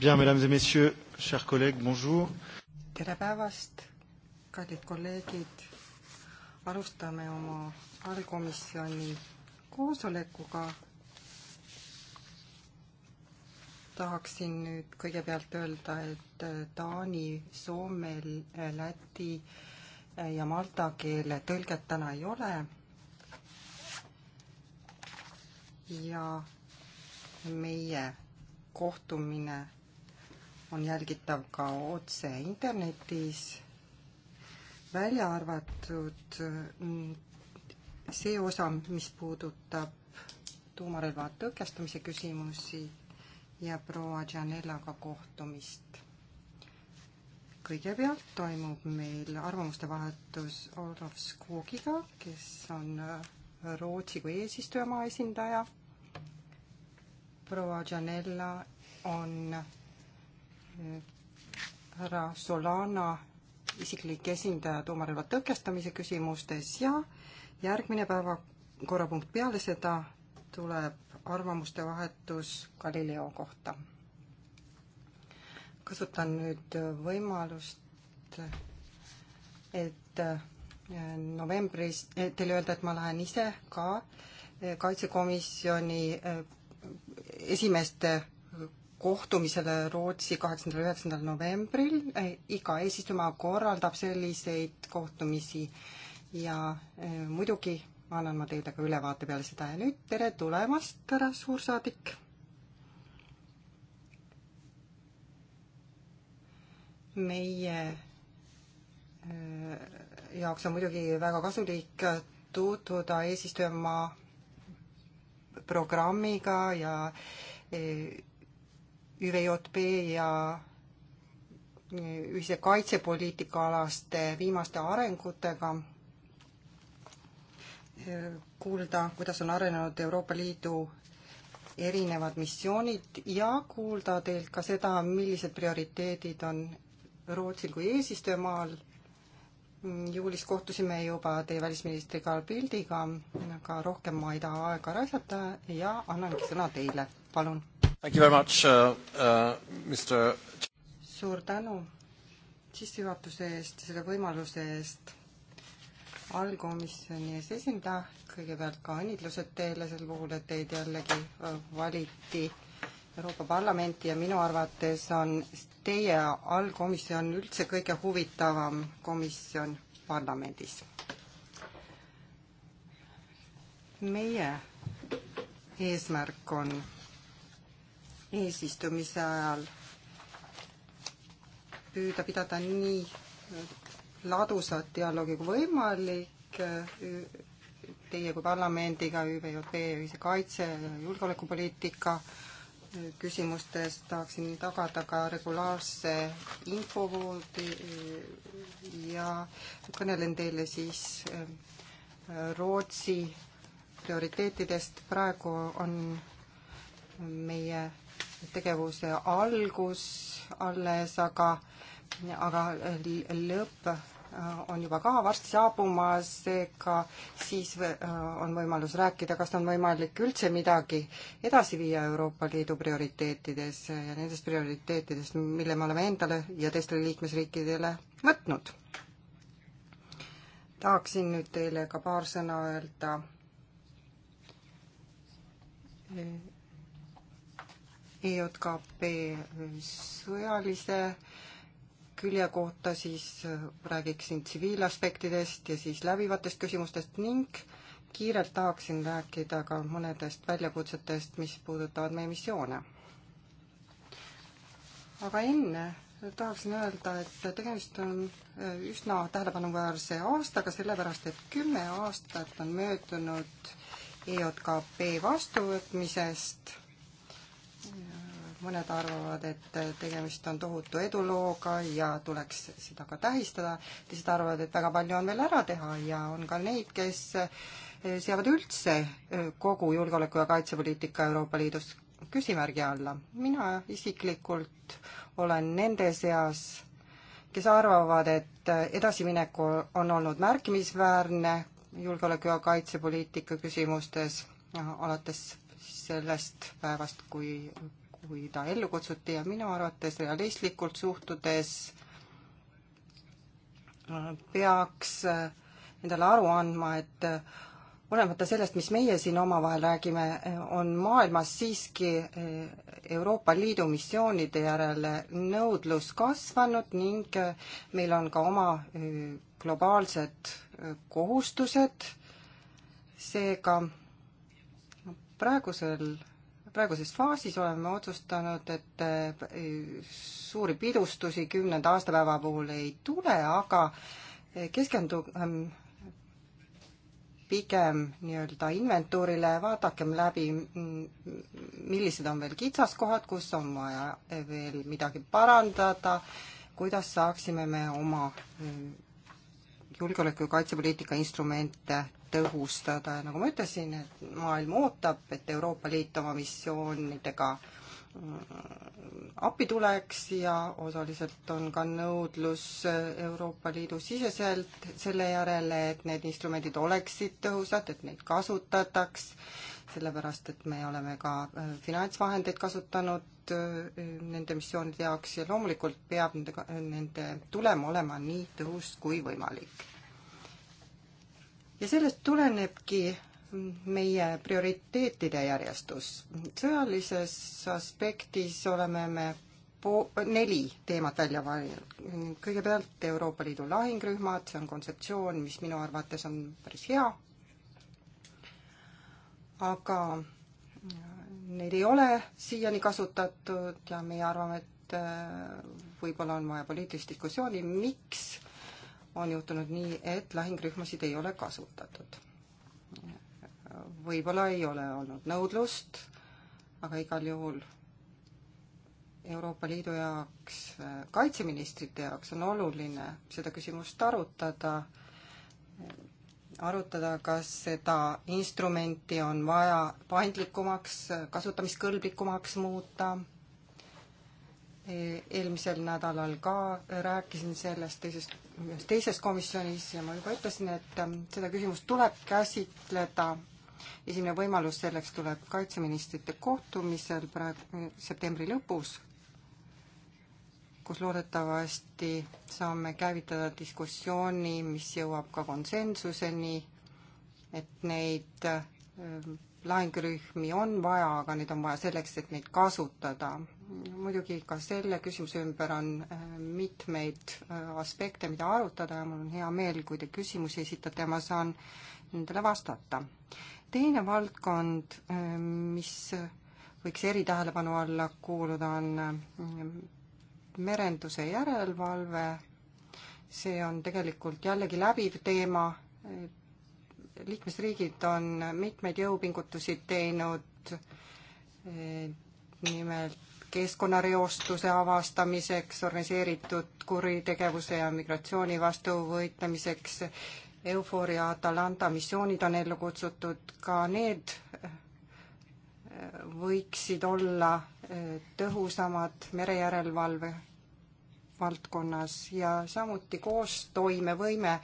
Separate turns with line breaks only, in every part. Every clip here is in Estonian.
Bien, mesdames et messieurs, chers collègues, bonjour.
tere päevast, kallid kolleegid. alustame oma allkomisjoni koosolekuga. tahaksin nüüd kõigepealt öelda, et taani, soome, läti ja malta keele tõlget täna ei ole. ja meie kohtumine on jälgitav ka otse internetis, välja arvatud mm, see osa, mis puudutab tuumarelva tõkestamise küsimusi ja proua Gianellaga kohtumist. kõigepealt toimub meil arvamuste vahetus Olav Skogiga, kes on äh, Rootsi kui eesistujamaa esindaja. proua Gianella on härra Solana isiklik esindaja tuumarelva tõkestamise küsimustes ja järgmine päevakorrapunkt peale seda tuleb arvamuste vahetus Galileo kohta. kasutan nüüd võimalust, et eh, novembris, eh, teile öelda, et ma lähen ise ka eh, kaitsekomisjoni esimeeste kohtumisele Rootsi kaheksandal, üheksandal novembril. iga eesistuja korraldab selliseid kohtumisi ja eh, muidugi annan ma teile ka ülevaate peale seda ja nüüd tere tulemast, härra suursaadik. meie eh, jaoks on muidugi väga kasulik tutvuda eesistujamaa programmiga ja eh, ÜVJP ja eh, ühise kaitsepoliitika alaste viimaste arengutega eh, kuulda, kuidas on arenenud Euroopa Liidu erinevad missioonid ja kuulda teilt ka seda, millised prioriteedid on Rootsil kui eesistujamaal. juulis kohtusime juba teie välisministri Carl Bildiga, aga rohkem ma ei taha aega raisata ja annangi sõna teile, palun Uh,
uh
suur tänu sissejuhatuse eest ja selle võimaluse eest allkomisjoni ees esindaja. kõigepealt ka õnnitlused teile sel puhul, et teid jällegi äh, valiti Euroopa Parlamenti ja minu arvates on teie allkomisjon üldse kõige huvitavam komisjon parlamendis. meie eesmärk on eesistumise ajal püüda pidada nii ladusat dialoogi kui võimalik teie kui parlamendiga ÜVJP ühise kaitse ja julgeolekupoliitika küsimustes tahaksin tagada ka regulaarse infovoodi ja kõnelen teile siis äh, Rootsi prioriteetidest. praegu on meie tegevuse algus alles, aga, aga lõpp äh, on juba ka varsti saabumas, seega siis äh, on võimalus rääkida, kas on võimalik üldse midagi edasi viia Euroopa Liidu prioriteetides ja nendest prioriteetidest, mille me oleme endale ja teistele liikmesriikidele võtnud. tahaksin nüüd teile ka paar sõna öelda EJKP sõjalise külje kohta, siis räägiksin tsiviilaspektidest ja siis läbivatest küsimustest ning kiirelt tahaksin rääkida ka mõnedest väljakutsetest, mis puudutavad meie missioone. aga enne tahaksin öelda, et tegemist on äh, üsna tähelepanuväärse aastaga, sellepärast et kümme aastat on möödunud EJKP vastuvõtmisest mõned arvavad, et tegemist on tohutu edulooga ja tuleks seda ka tähistada, teised arvavad, et väga palju on veel ära teha ja on ka neid, kes eh, seavad üldse eh, kogu julgeoleku- ja kaitsepoliitika Euroopa Liidus küsimärgi alla. mina isiklikult olen nende seas, kes arvavad, et eh, edasiminek on olnud märkimisväärne julgeoleku- ja kaitsepoliitika küsimustes alates sellest päevast, kui kui ta ellu kutsuti ja minu arvates realistlikult suhtudes äh, peaks äh, endale aru andma, et äh, olenemata sellest, mis meie siin omavahel räägime, on maailmas siiski Euroopa Liidu missioonide järele nõudlus kasvanud ning meil on ka oma globaalsed kohustused, seega praegusel praeguses faasis oleme otsustanud, et eh, suuri pidustusi kümnenda aastapäeva puhul ei tule, aga eh, keskendugem pigem nii-öelda inventuurile, vaadakem läbi, millised on veel kitsaskohad, kus on vaja eh, veel midagi parandada, kuidas saaksime me oma julgeoleku- ja kaitsepoliitika instrumente tõhustada ja nagu ma ütlesin, et maailm ootab, et Euroopa Liit oma missioonidega mm, appi tuleks ja osaliselt on ka nõudlus Euroopa Liidu siseselt selle järele, et need instrumendid oleksid tõhusad, et neid kasutataks, sellepärast et me oleme ka äh, finantsvahendeid kasutanud äh, nende missioonide jaoks ja loomulikult peab nende, nende tulem olema nii tõhus kui võimalik ja sellest tulenebki meie prioriteetide järjestus. sõjalises aspektis oleme me po-, neli teemat välja valinud. kõigepealt Euroopa Liidu lahingrühmad, see on kontseptsioon, mis minu arvates on päris hea, aga neid ei ole siiani kasutatud ja meie arvame, et äh, võib-olla on vaja poliitilist diskussiooni, miks on juhtunud nii, et lahingrühmasid ei ole kasutatud. võib-olla ei ole olnud nõudlust, aga igal juhul Euroopa Liidu jaoks, kaitseministrite jaoks on oluline seda küsimust arutada, arutada, kas seda instrumenti on vaja paindlikumaks, kasutamiskõlblikumaks muuta e-, eelmisel nädalal ka rääkisin sellest teisest ühes teises komisjonis ja ma juba ütlesin, et ähm, seda küsimust tuleb käsitleda. esimene võimalus selleks tuleb kaitseministrite kohtumisel praegu äh, septembri lõpus, kus loodetavasti saame käivitada diskussiooni, mis jõuab ka konsensuseni, et neid äh, lahingurühmi on vaja, aga neid on vaja selleks, et neid kasutada muidugi ka selle küsimuse ümber on äh, mitmeid äh, aspekte, mida arutada ja mul on hea meel, kui te küsimusi esitate ja ma saan nendele vastata. teine valdkond, äh, mis võiks eritähelepanu alla kuuluda, on merenduse järelevalve, see on tegelikult jällegi läbiv teema, liikmesriigid on mitmeid jõupingutusi teinud, nimelt keskkonnareostuse avastamiseks, organiseeritud kuritegevuse ja migratsiooni vastu võitlemiseks. EUFOR ja Atalanta missioonid on ellu kutsutud, ka need äh, võiksid olla äh, tõhusamad merejärelevalve valdkonnas ja samuti koostoimevõime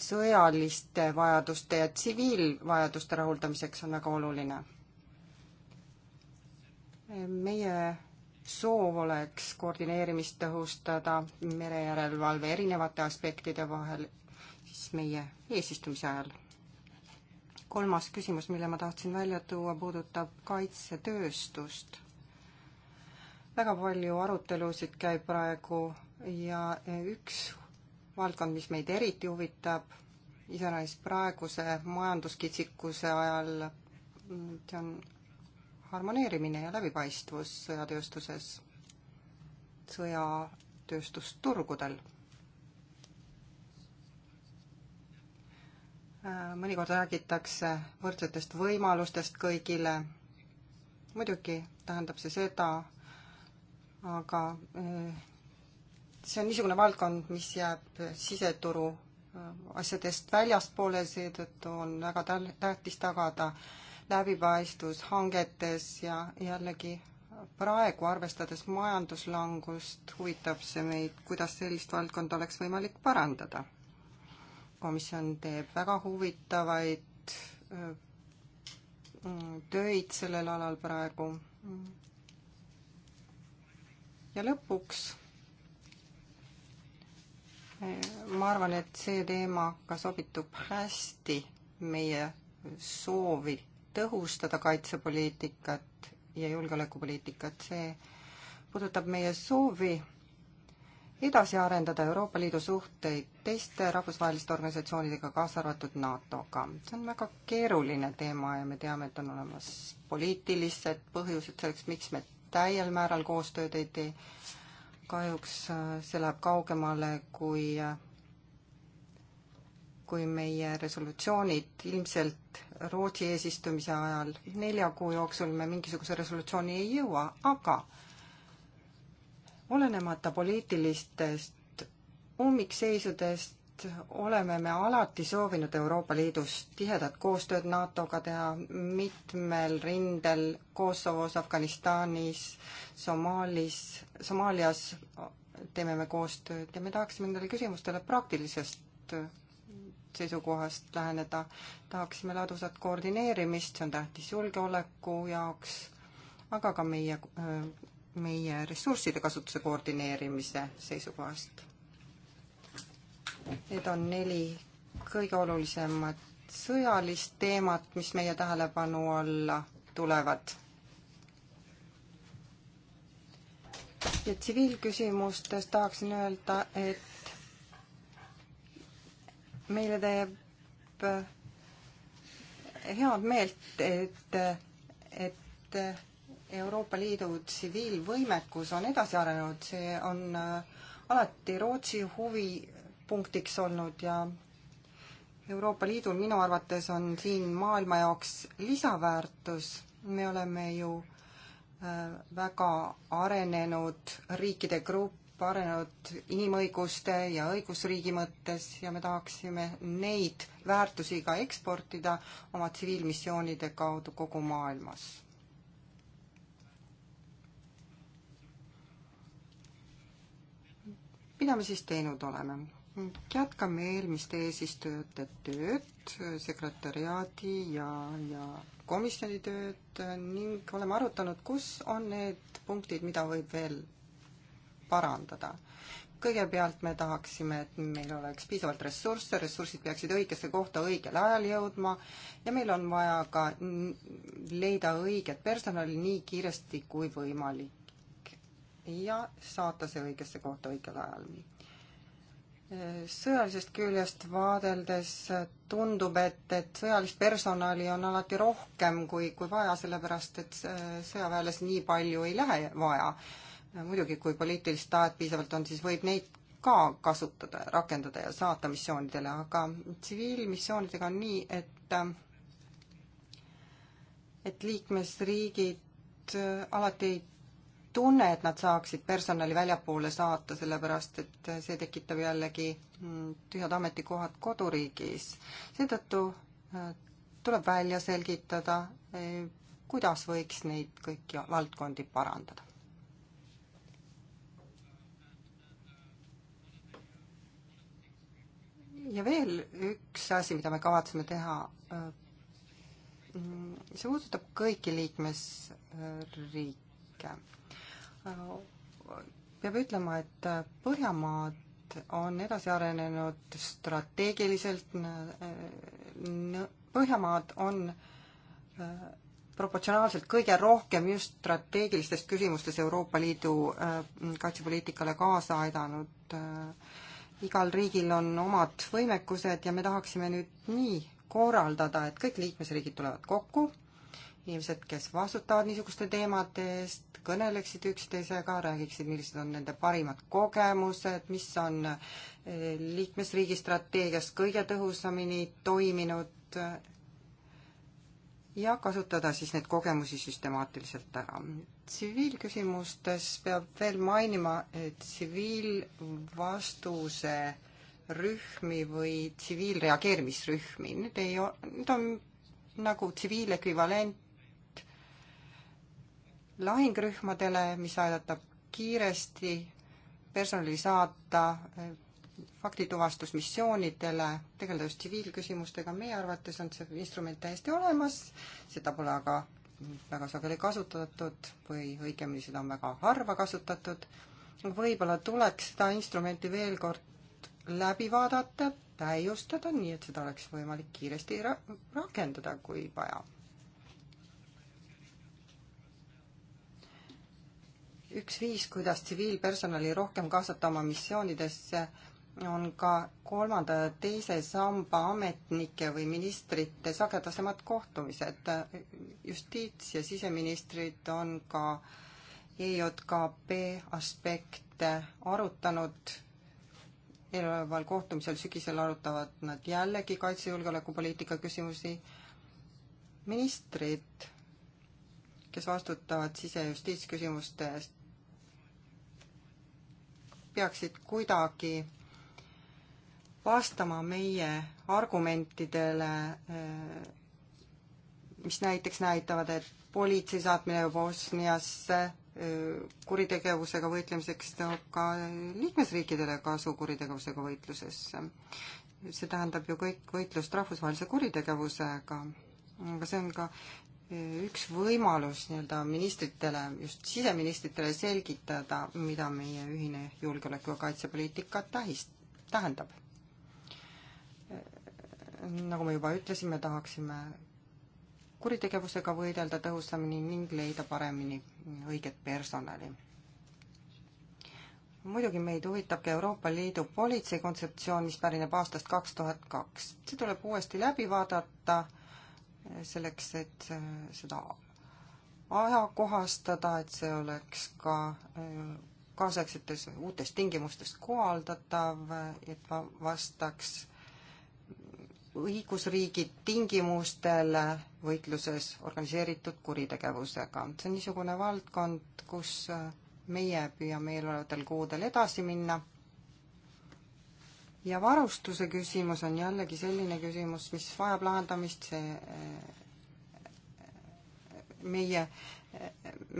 sõjaliste vajaduste ja tsiviilvajaduste rahuldamiseks on väga oluline meie soov oleks koordineerimist tõhustada merejärelevalve erinevate aspektide vahel siis meie eesistumise ajal. kolmas küsimus, mille ma tahtsin välja tuua, puudutab kaitsetööstust. väga palju arutelusid käib praegu ja üks valdkond, mis meid eriti huvitab, iseäranis praeguse majanduskitsikuse ajal, see on harmoneerimine ja läbipaistvus sõjatööstuses, sõjatööstusturgudel. mõnikord räägitakse võrdsetest võimalustest kõigile. muidugi tähendab see seda, aga eh, see on niisugune valdkond, mis jääb siseturu eh, asjadest väljaspoole, seetõttu on väga tähtis tagada äh, läbipaistvus hangetes ja jällegi praegu, arvestades majanduslangust, huvitab see meid, kuidas sellist valdkonda oleks võimalik parandada. komisjon teeb väga huvitavaid äh, töid sellel alal praegu. ja lõpuks äh, ma arvan, et see teema ka sobitub hästi meie soovi tõhustada kaitsepoliitikat ja julgeolekupoliitikat, see puudutab meie soovi edasi arendada Euroopa Liidu suhteid teiste rahvusvaheliste organisatsioonidega, kaasa arvatud NATO-ga. see on väga keeruline teema ja me teame, et on olemas poliitilised põhjused selleks, miks me täiel määral koostööd ei tee. kahjuks äh, see läheb kaugemale kui äh, kui meie resolutsioonid ilmselt Rootsi eesistumise ajal nelja kuu jooksul me mingisuguse resolutsiooni ei jõua, aga olenemata poliitilistest ummikseisudest oleme me alati soovinud Euroopa Liidus tihedat koostööd NATO-ga teha mitmel rindel Kosovos, Afganistanis, Somaalis, Somaalias teeme me koostööd ja me tahaksime nendele küsimustele praktilisest seisukohast läheneda. tahaksime ladusat koordineerimist, see on tähtis julgeoleku jaoks, aga ka meie, meie ressursside kasutuse koordineerimise seisukohast. Need on neli kõige olulisemat sõjalist teemat, mis meie tähelepanu alla tulevad ja tsiviilküsimustes tahaksin öelda, et meile teeb eh, head meelt, et, et Euroopa Liidu tsiviilvõimekus on edasi arenenud, see on eh, alati Rootsi huvipunktiks olnud ja Euroopa Liidul minu arvates on siin maailma jaoks lisaväärtus, me oleme ju eh, väga arenenud riikide grupp, arenenud inimõiguste ja õigusriigi mõttes ja me tahaksime neid väärtusi ka eksportida oma tsiviilmissioonide kaudu kogu maailmas. mida me siis teinud oleme? jätkame eelmiste eesistujate tööd, sekretäriaadi ja, ja komisjoni tööd ning oleme arutanud, kus on need punktid, mida võib veel parandada. kõigepealt me tahaksime, et meil oleks piisavalt ressursse, ressursid peaksid õigesse kohta õigel ajal jõudma ja meil on vaja ka leida õiget personali nii kiiresti kui võimalik ja saata see õigesse kohta õigel ajal sõjalisest küljest vaadeldes tundub, et, et sõjalist personali on alati rohkem kui, kui vaja, sellepärast et sõjaväelasi nii palju ei lähe vaja muidugi, kui poliitilist tahet piisavalt on, siis võib neid ka kasutada, rakendada ja saata missioonidele, aga tsiviilmissioonidega on nii, et et liikmesriigid äh, alati ei tunne, et nad saaksid personali väljapoole saata, sellepärast et see tekitab jällegi mm, tühjad ametikohad koduriigis. seetõttu äh, tuleb välja selgitada, äh, kuidas võiks neid kõiki valdkondi parandada. ja veel üks asi, mida me kavatseme teha, äh, see puudutab kõiki liikmesriike. Äh, peab ütlema, et äh, Põhjamaad on edasi arenenud strateegiliselt, Põhjamaad on proportsionaalselt kõige rohkem just strateegilistes küsimustes Euroopa Liidu kaitsepoliitikale kaasa aidanud äh, igal riigil on omad võimekused ja me tahaksime nüüd nii korraldada, et kõik liikmesriigid tulevad kokku, inimesed, kes vastutavad niisuguste teemade eest, kõneleksid üksteisega, räägiksid, millised on nende parimad kogemused, mis on eh, liikmesriigi strateegias kõige tõhusamini toiminud ja kasutada siis neid kogemusi süstemaatiliselt ära. tsiviilküsimustes peab veel mainima tsiviilvastuse rühmi või tsiviilreageerimisrühmi, need ei, need on nagu tsiviilekvivalent lahingurühmadele, mis aidatab kiiresti personali saata faktituvastusmissioonidele, tegeleda just tsiviilküsimustega, meie arvates on see instrument täiesti olemas, seda pole aga väga sageli kasutatud või õigemini seda on väga harva kasutatud. võib-olla tuleks seda instrumenti veel kord läbi vaadata, täiustada, nii et seda oleks võimalik kiiresti ra rakendada, kui vaja. üks viis, kuidas tsiviilpersonali rohkem kaasata oma missioonidesse on ka kolmanda ja teise samba ametnike või ministrite sagedasemad kohtumised. justiits- ja siseministrid on ka EJKP aspekte arutanud. eeloleval kohtumisel sügisel arutavad nad jällegi kaitsejulgeolekupoliitika küsimusi. ministrid, kes vastutavad sise- ja justiitsküsimuste eest, peaksid kuidagi vastama meie argumentidele, eh, mis näiteks näitavad, et politsei saatmine Bosniasse eh, kuritegevusega võitlemiseks toob ka liikmesriikidele kasu kuritegevusega võitlusesse. see tähendab ju kõik võitlust rahvusvahelise kuritegevusega, aga see on ka eh, üks võimalus nii-öelda ministritele, just siseministritele selgitada, mida meie ühine julgeoleku- ja kaitsepoliitika tähis, tähendab nagu me juba ütlesime, tahaksime kuritegevusega võidelda tõhusamini ning leida paremini õiget personali. muidugi meid huvitab ka Euroopa Liidu politsei kontseptsioon, mis pärineb aastast kaks tuhat kaks. see tuleb uuesti läbi vaadata eh, selleks, et eh, seda ajakohastada, et see oleks ka eh, kaasaegsetes uutes tingimustes kohaldatav, et vastaks õigusriigi tingimustel võitluses organiseeritud kuritegevusega. see on niisugune valdkond, kus meie püüame eelolevatel kuudel edasi minna. ja varustuse küsimus on jällegi selline küsimus, mis vajab lahendamist, see eh, meie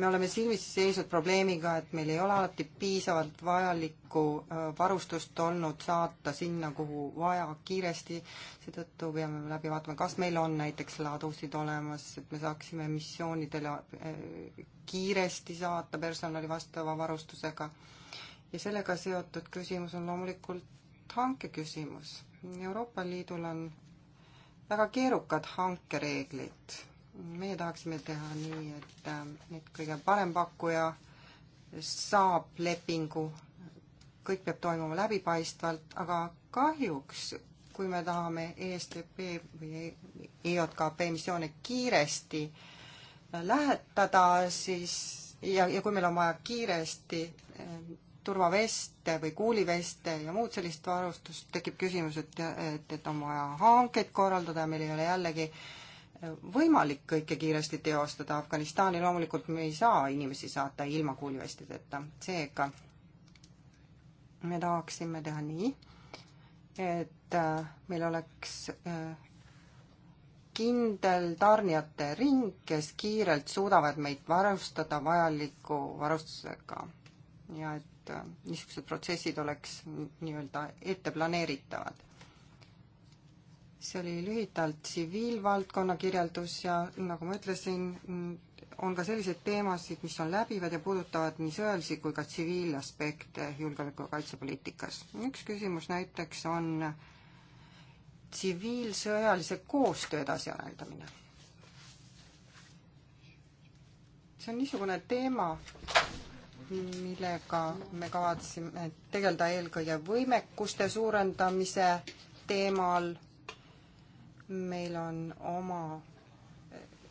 me oleme silmitsi seisnud probleemiga, et meil ei ole alati piisavalt vajalikku äh, varustust olnud saata sinna, kuhu vaja kiiresti, seetõttu peame läbi vaatama, kas meil on näiteks ladusid olemas, et me saaksime missioonidele äh, kiiresti saata personali vastava varustusega. ja sellega seotud küsimus on loomulikult hanke küsimus. Euroopa Liidul on väga keerukad hankereeglid meie tahaksime teha nii, et, äh, et kõige parem pakkuja saab lepingu, kõik peab toimuma läbipaistvalt, aga kahjuks kui me tahame ESTP või EJKP missioone kiiresti äh, lähetada, siis ja, ja kui meil on vaja kiiresti äh, turvaveste või kuuliveste ja muud sellist varustust, tekib küsimus, et, et, et on vaja hankeid korraldada ja meil ei ole jällegi äh, võimalik kõike kiiresti teostada. Afganistani loomulikult me ei saa inimesi saata ilma kuulivestideta, seega me tahaksime teha nii, et äh, meil oleks äh, kindel tarnijate ring, kes kiirelt suudavad meid varustada vajaliku varustusega ja et äh, niisugused protsessid oleks nii-öelda ette planeeritavad see oli lühidalt tsiviilvaldkonna kirjeldus ja nagu ma ütlesin, on ka selliseid teemasid, mis on läbivad ja puudutavad nii sõjalisi kui ka tsiviilaspekte julgeoleku- ja kaitsepoliitikas. üks küsimus näiteks on tsiviilsõjalise koostöö edasiarendamine. see on niisugune teema, millega me kavatseme tegeleda eelkõige võimekuste suurendamise teemal meil on oma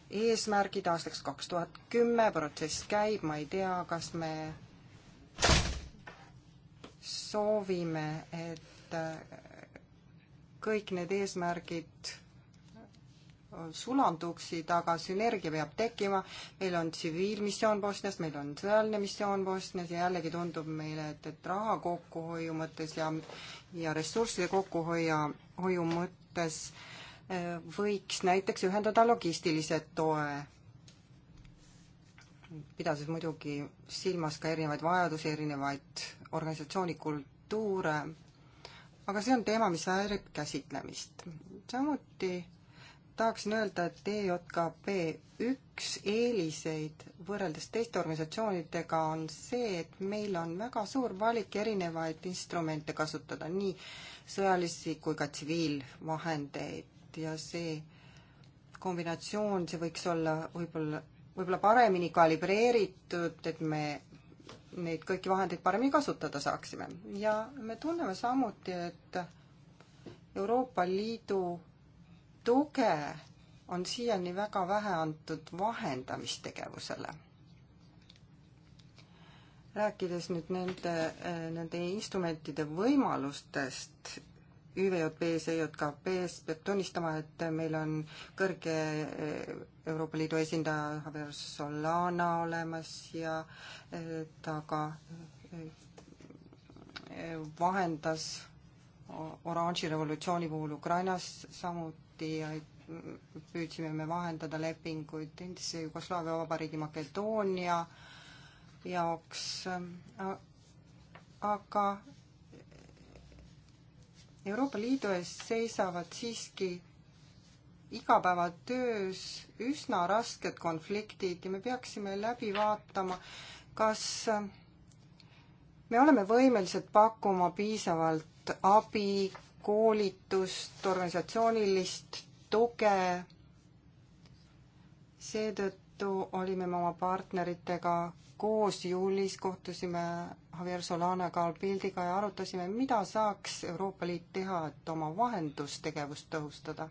eesmärgid aastaks kaks tuhat kümme, protsess käib, ma ei tea, kas me soovime, et äh, kõik need eesmärgid äh, sulanduksid, aga sünergia peab tekkima, meil on tsiviilmissioon Bosnias, meil on sõjaline missioon Bosnias ja jällegi tundub meile, et, et raha kokkuhoiu mõttes ja ja ressursside kokkuhoia, hoiu mõttes äh, võiks näiteks ühendada logistilise toe, pidades muidugi silmas ka erinevaid vajadusi, erinevaid organisatsiooni kultuure, aga see on teema, mis väärib käsitlemist. samuti tahaksin öelda, et EJKP üks eeliseid võrreldes teiste organisatsioonidega on see, et meil on väga suur valik erinevaid instrumente kasutada, nii sõjalisi kui ka tsiviilvahendeid ja see kombinatsioon, see võiks olla võib-olla, võib-olla paremini kalibreeritud, et me neid kõiki vahendeid paremini kasutada saaksime. ja me tunneme samuti, et Euroopa Liidu tuge on siiani väga vähe antud vahendamistegevusele. rääkides nüüd nende, nende instrumentide võimalustest ÜVJP-s ja JKP-s peab tunnistama, et meil on kõrge eh, Euroopa Liidu esindaja Javier Solana olemas ja eh, ta ka eh, vahendas oranži revolutsiooni puhul Ukrainas samuti ja püüdsime me vahendada lepinguid endise Jugoslaavia Vabariigi Makedoonia jaoks, aga Euroopa Liidu ees seisavad siiski igapäevatöös üsna rasked konfliktid ja me peaksime läbi vaatama, kas äh, me oleme võimelised pakkuma piisavalt abi, koolitust, organisatsioonilist tuge. seetõttu seetõttu olime me oma partneritega koos juulis, kohtusime Javier Solanaga, Albildiga ja arutasime, mida saaks Euroopa Liit teha, et oma vahendustegevust tõhustada.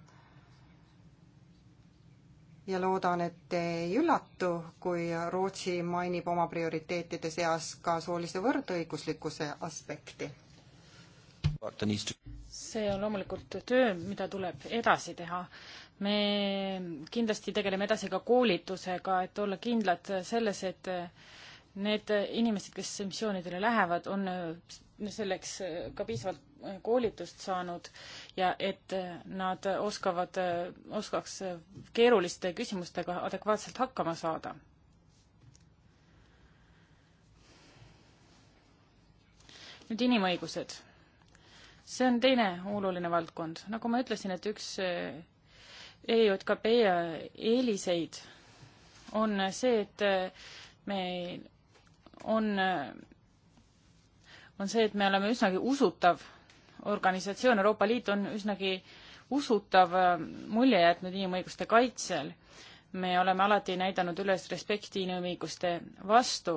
ja loodan, et te ei üllatu, kui Rootsi mainib oma prioriteetide seas ka soolise võrdõiguslikkuse aspekti.
see on loomulikult töö, mida tuleb edasi teha me kindlasti tegeleme edasi ka koolitusega, et olla kindlad selles, et need inimesed, kes missioonidele lähevad, on selleks ka piisavalt koolitust saanud ja et nad oskavad, oskaks keeruliste küsimustega adekvaatselt hakkama saada. nüüd inimõigused. see on teine oluline valdkond. nagu ma ütlesin, et üks EJKP eeliseid, on see, et meil on, on see, et me oleme üsnagi usutav organisatsioon, Euroopa Liit on üsnagi usutav ähm, mulje jätnud inimõiguste kaitsel. me oleme alati näidanud üles respekti inimõiguste vastu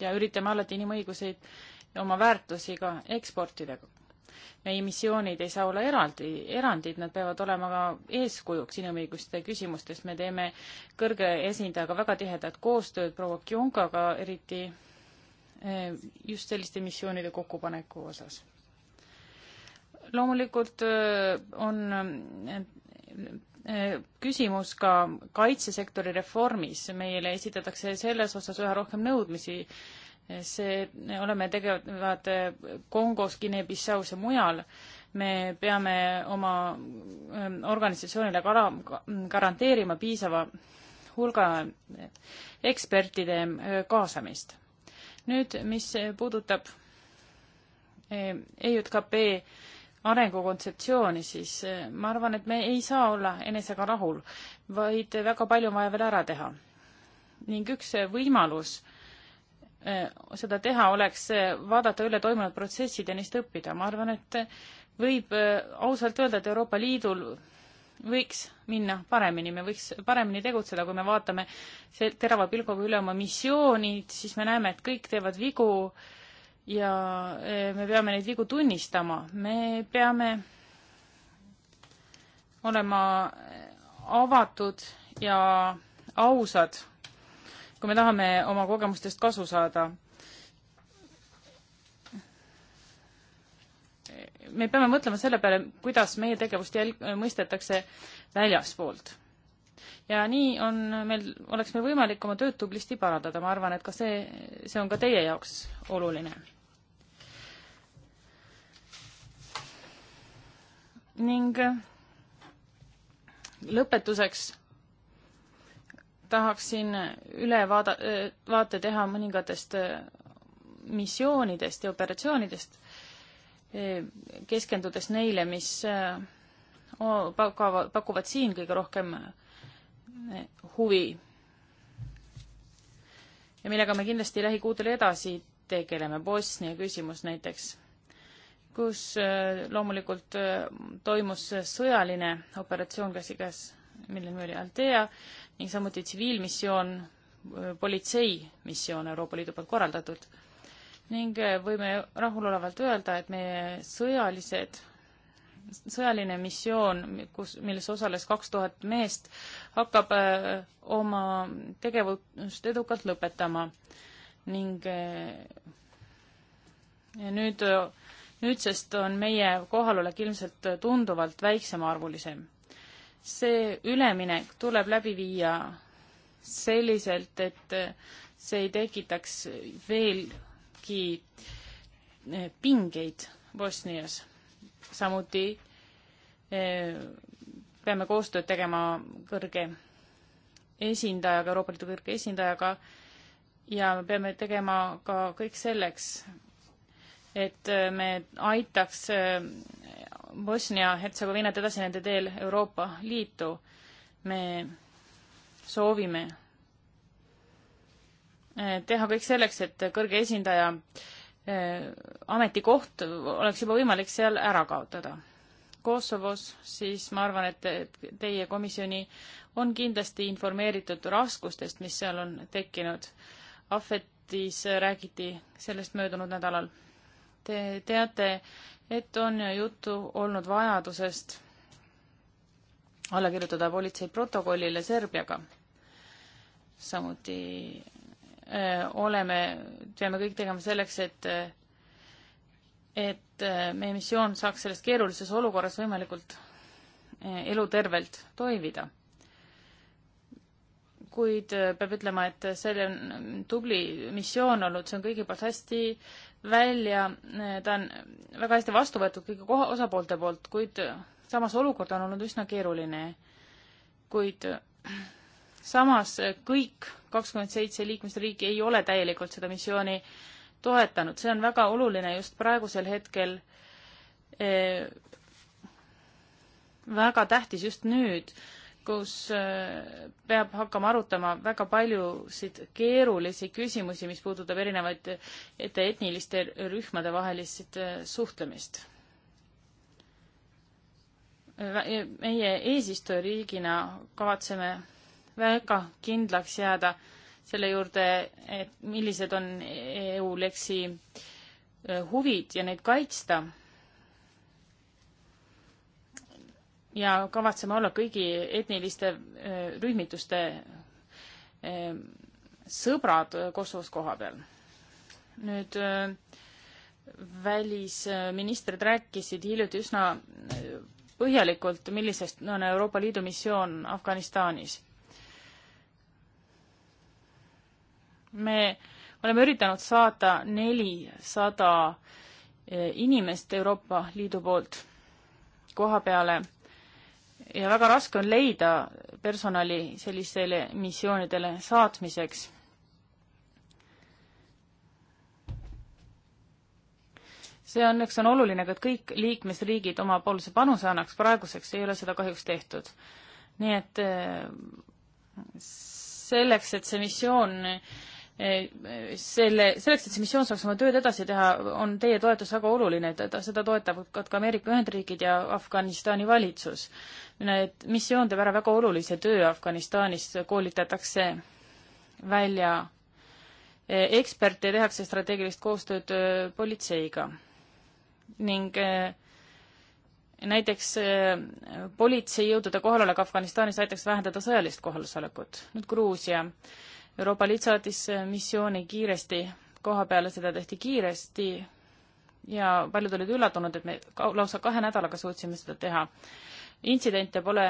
ja üritame alati inimõiguseid ja oma väärtusi ka eksportida meie missioonid ei saa olla eraldi, erandid, nad peavad olema ka eeskujuks inimõiguste küsimustes, me teeme kõrge esindajaga väga tihedat koostööd, proua Kionkaga eriti eh, just selliste missioonide kokkupaneku osas. loomulikult eh, on eh, küsimus ka kaitsesektori reformis, meile esitatakse selles osas üha rohkem nõudmisi see, oleme tegevad Kongos, Guinea-Bissaus ja mujal, me peame oma ähm, organisatsioonile kara-, garanteerima piisava hulga ekspertide äh, kaasamist. nüüd, mis puudutab äh, EJKP arengukontseptsiooni, siis äh, ma arvan, et me ei saa olla enesega rahul, vaid väga palju on vaja veel ära teha. ning üks võimalus äh, Äh, seda teha, oleks äh, vaadata üle toimunud protsessid ja neist õppida. ma arvan, et äh, võib ausalt öelda, et Euroopa Liidul võiks minna paremini, me võiks paremini tegutseda, kui me vaatame terava pilguga üle oma missioonid, siis me näeme, et kõik teevad vigu ja me peame neid vigu tunnistama, me peame olema avatud ja ausad kui me tahame oma kogemustest kasu saada. me peame mõtlema selle peale, kuidas meie tegevust jälg-, mõistetakse väljaspoolt. ja nii on meil, oleks meil võimalik oma tööd tublisti parandada, ma arvan, et ka see, see on ka teie jaoks oluline. ning lõpetuseks tahaksin üle vaada, vaate teha mõningatest äh, missioonidest ja operatsioonidest, äh, keskendudes neile, mis äh, pakavad, pakuvad siin kõige rohkem huvi. ja millega me kindlasti lähikuudel edasi tegeleme, Bosnia küsimus näiteks, kus loomulikult toimus sõjaline operatsioon käsikäes milline oli Altea ning samuti tsiviilmissioon, politseimissioon Euroopa Liidu poolt korraldatud. ning äh, võime rahulolevalt öelda, et meie sõjalised, sõjaline missioon, kus, milles osales kaks tuhat meest, hakkab äh, oma tegevust edukalt lõpetama ning äh, ja nüüd, nüüdsest on meie kohalolek ilmselt tunduvalt väiksemaarvulisem see üleminek tuleb läbi viia selliselt, et see ei tekitaks veelgi eh, pingeid Bosnias. samuti eh, peame koostööd tegema kõrge esindajaga, Euroopa Liidu kõrge esindajaga ja me peame tegema ka kõik selleks, et me aitaks eh, Bosnia-Hertsegoviinat edasi nende teel Euroopa Liitu. me soovime eh, teha kõik selleks, et kõrge esindaja eh, ametikoht oleks juba võimalik seal ära kaotada. Kosovos, siis ma arvan, et teie komisjoni on kindlasti informeeritud raskustest, mis seal on tekkinud. Ahvetis räägiti sellest möödunud nädalal. Te teate, et on juttu olnud vajadusest alla kirjutada politsei protokollile Serbiaga. samuti öö, äh, oleme, peame kõik tegema selleks, et et äh, meie missioon saaks selles keerulises olukorras võimalikult äh, elutervelt toimida kuid äh, peab ütlema, et see on mm, tubli missioon olnud, see on kõigi poolt hästi välja, äh, ta on väga hästi vastu võetud kõigi osapoolte poolt, kuid äh, samas olukord on olnud üsna keeruline. kuid samas kõik kakskümmend seitse liikmesriiki ei ole täielikult seda missiooni toetanud, see on väga oluline just praegusel hetkel väga tähtis just nüüd, kus äh, peab hakkama arutama väga paljusid keerulisi küsimusi, mis puudutab erinevaid ette etniliste rühmade vahelist äh, suhtlemist. meie eesistujariigina kavatseme väga kindlaks jääda selle juurde, et millised on EU-leksi e äh, huvid ja neid kaitsta ja kavatseme olla kõigi etniliste äh, rühmituste äh, sõbrad äh, Kosovos koha peal. nüüd välisministrid rääkisid hiljuti üsna põhjalikult, millisest on Euroopa Liidu missioon Afganistanis. me oleme üritanud saada nelisada inimest Euroopa Liidu poolt koha peale ja väga raske on leida personali sellistele missioonidele saatmiseks. see õnneks on oluline ka, et kõik liikmesriigid omapoolse panuse annaks, praeguseks ei ole seda kahjuks tehtud. nii et eh, selleks, et see missioon selle, selleks, et see missioon saaks oma tööd edasi teha, on teie toetus väga oluline, et seda toetavad ka Ameerika Ühendriigid ja Afganistani valitsus. et missioon teeb ära väga olulise töö Afganistanis, koolitatakse välja eh, eksperte ja tehakse strateegilist koostööd eh, politseiga. ning eh, näiteks politseijõudude kohalolek Afganistanis aitaks vähendada sõjalist kohalolekut. nüüd Gruusia Euroopa Liit saatis äh, missiooni kiiresti koha peale, seda tehti kiiresti ja paljud olid üllatunud, et me lausa kahe nädalaga suutsime seda teha. intsidente pole,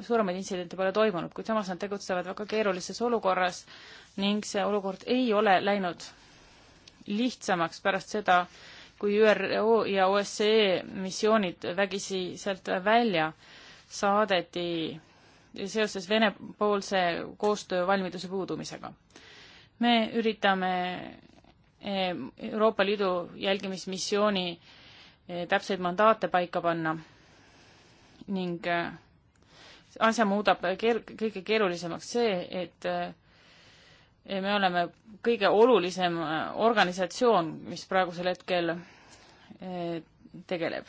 suuremaid intsidente pole toimunud, kuid samas nad tegutsevad väga keerulises olukorras ning see olukord ei ole läinud lihtsamaks pärast seda, kui ÜRO ja OSCE missioonid vägisi sealt välja saadeti seoses Vene-poolse koostöövalmiduse puudumisega. me üritame eh, Euroopa Liidu jälgimismissiooni eh, täpseid mandaate paika panna ning eh, asja muudab keer-, kõige keerulisemaks see, et me oleme kõige olulisem organisatsioon, mis praegusel hetkel tegeleb,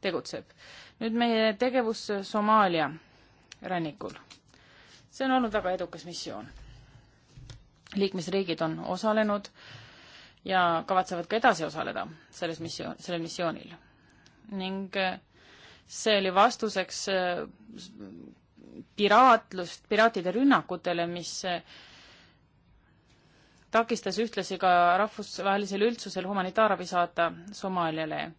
tegutseb. nüüd meie tegevus Somaalia rannikul. see on olnud väga edukas missioon. liikmesriigid on osalenud ja kavatsevad ka edasi osaleda selles missioon, sellel missioonil. ning eh, see oli vastuseks eh, piraatlust, piraatide rünnakutele, mis eh, takistas ühtlasi ka rahvusvahelisel üldsusel humanitaarabi saata Somaaliale.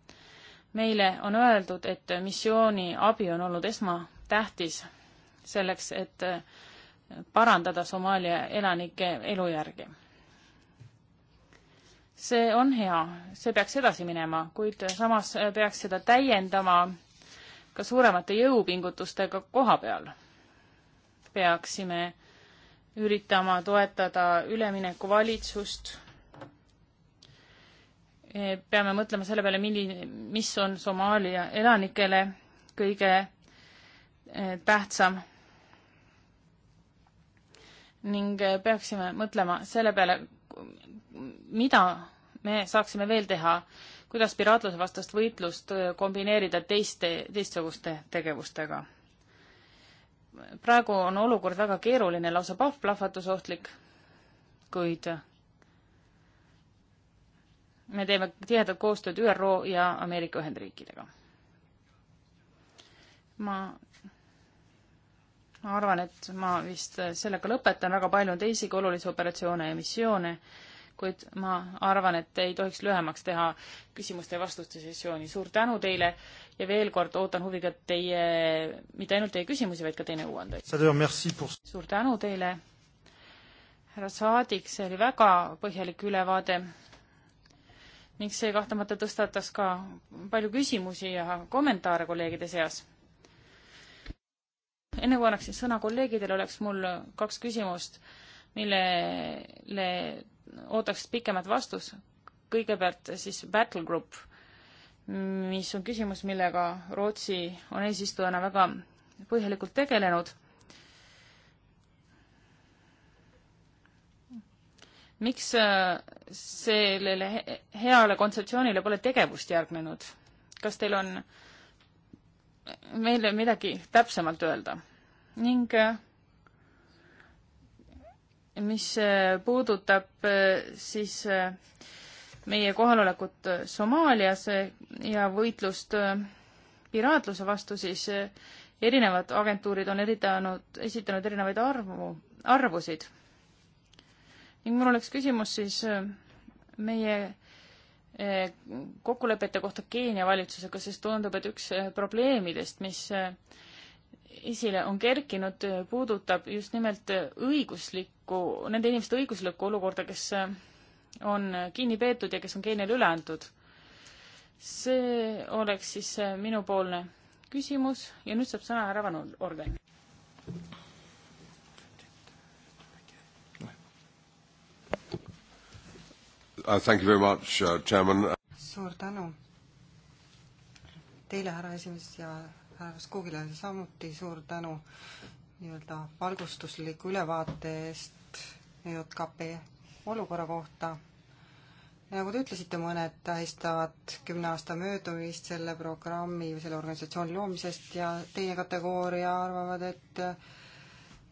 meile on öeldud, et missiooni abi on olnud esmatähtis selleks, et eh, parandada Somaalia elanike elujärge. see on hea, see peaks edasi minema, kuid samas peaks seda täiendama ka suuremate jõupingutustega koha peal. peaksime üritama toetada üleminekuvalitsust eh, peame mõtlema selle peale, milline, mis on Somaalia elanikele kõige eh, tähtsam ning eh, peaksime mõtlema selle peale, mida me saaksime veel teha, kuidas piraatluse vastast võitlust eh, kombineerida teiste, teistsuguste tegevustega. praegu on olukord väga keeruline, lausa pahv plahvatusohtlik, kuid me teeme tihedat koostööd ÜRO ja Ameerika Ühendriikidega. ma ma arvan, et ma vist sellega lõpetan, väga palju on teisigi olulisi operatsioone ja missioone, kuid ma arvan, et ei tohiks lühemaks teha küsimuste ja vastuste sessiooni. suur tänu teile ja veel kord ootan huviga teie, mitte ainult teie küsimusi, vaid ka teie nõuandeid. suur tänu teile, härra saadik, see oli väga põhjalik ülevaade ning see kahtlemata tõstatas ka palju küsimusi ja kommentaare kolleegide seas enne kui annaksin sõna kolleegidele, oleks mul kaks küsimust, millele ootaks pikemat vastust. kõigepealt siis battle group, mis on küsimus, millega Rootsi on eesistujana väga põhjalikult tegelenud. miks äh, sellele heale kontseptsioonile pole tegevust järgnenud? kas teil on äh, meile midagi täpsemalt öelda ning eh, mis eh, puudutab eh, siis meie kohalolekut Somaalias ja võitlust piraatluse vastu, siis erinevad agentuurid on eritanud, esitanud erinevaid arvu, arvusid. ning mul oleks küsimus siis meie kokkulepete kohta Keenia valitsusega, sest tundub, et üks äh, probleemidest, mis äh, esile on kerkinud, äh, puudutab just nimelt õiguslikku, nende inimeste õiguslikku olukorda, kes on kinni peetud ja kes on Keeniale üle antud. see oleks siis minupoolne küsimus ja nüüd saab sõna härra Vanu Organ. uh, thank you very much uh,, chairman.
suur tänu teile, härra esimees ja härra Skogile samuti suur tänu nii-öelda valgustusliku ülevaate eest EJKP olukorra kohta. nagu te ütlesite, mõned tähistavad kümne aasta möödumist selle programmi või selle organisatsiooni loomisest ja teine kategooria arvavad, et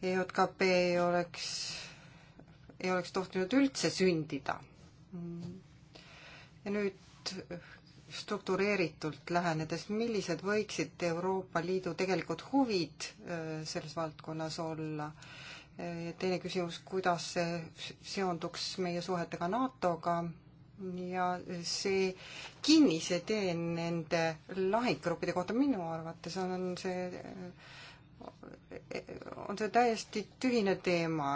EJKP ei oleks, ei oleks tohtinud üldse sündida ja nüüd struktureeritult lähenedes, millised võiksid Euroopa Liidu tegelikult huvid äh, selles valdkonnas olla? teine küsimus, kuidas see seonduks meie suhetega NATO-ga ja see kinnise tee nende lahingugruppide kohta minu arvates on see äh, on see täiesti tühine teema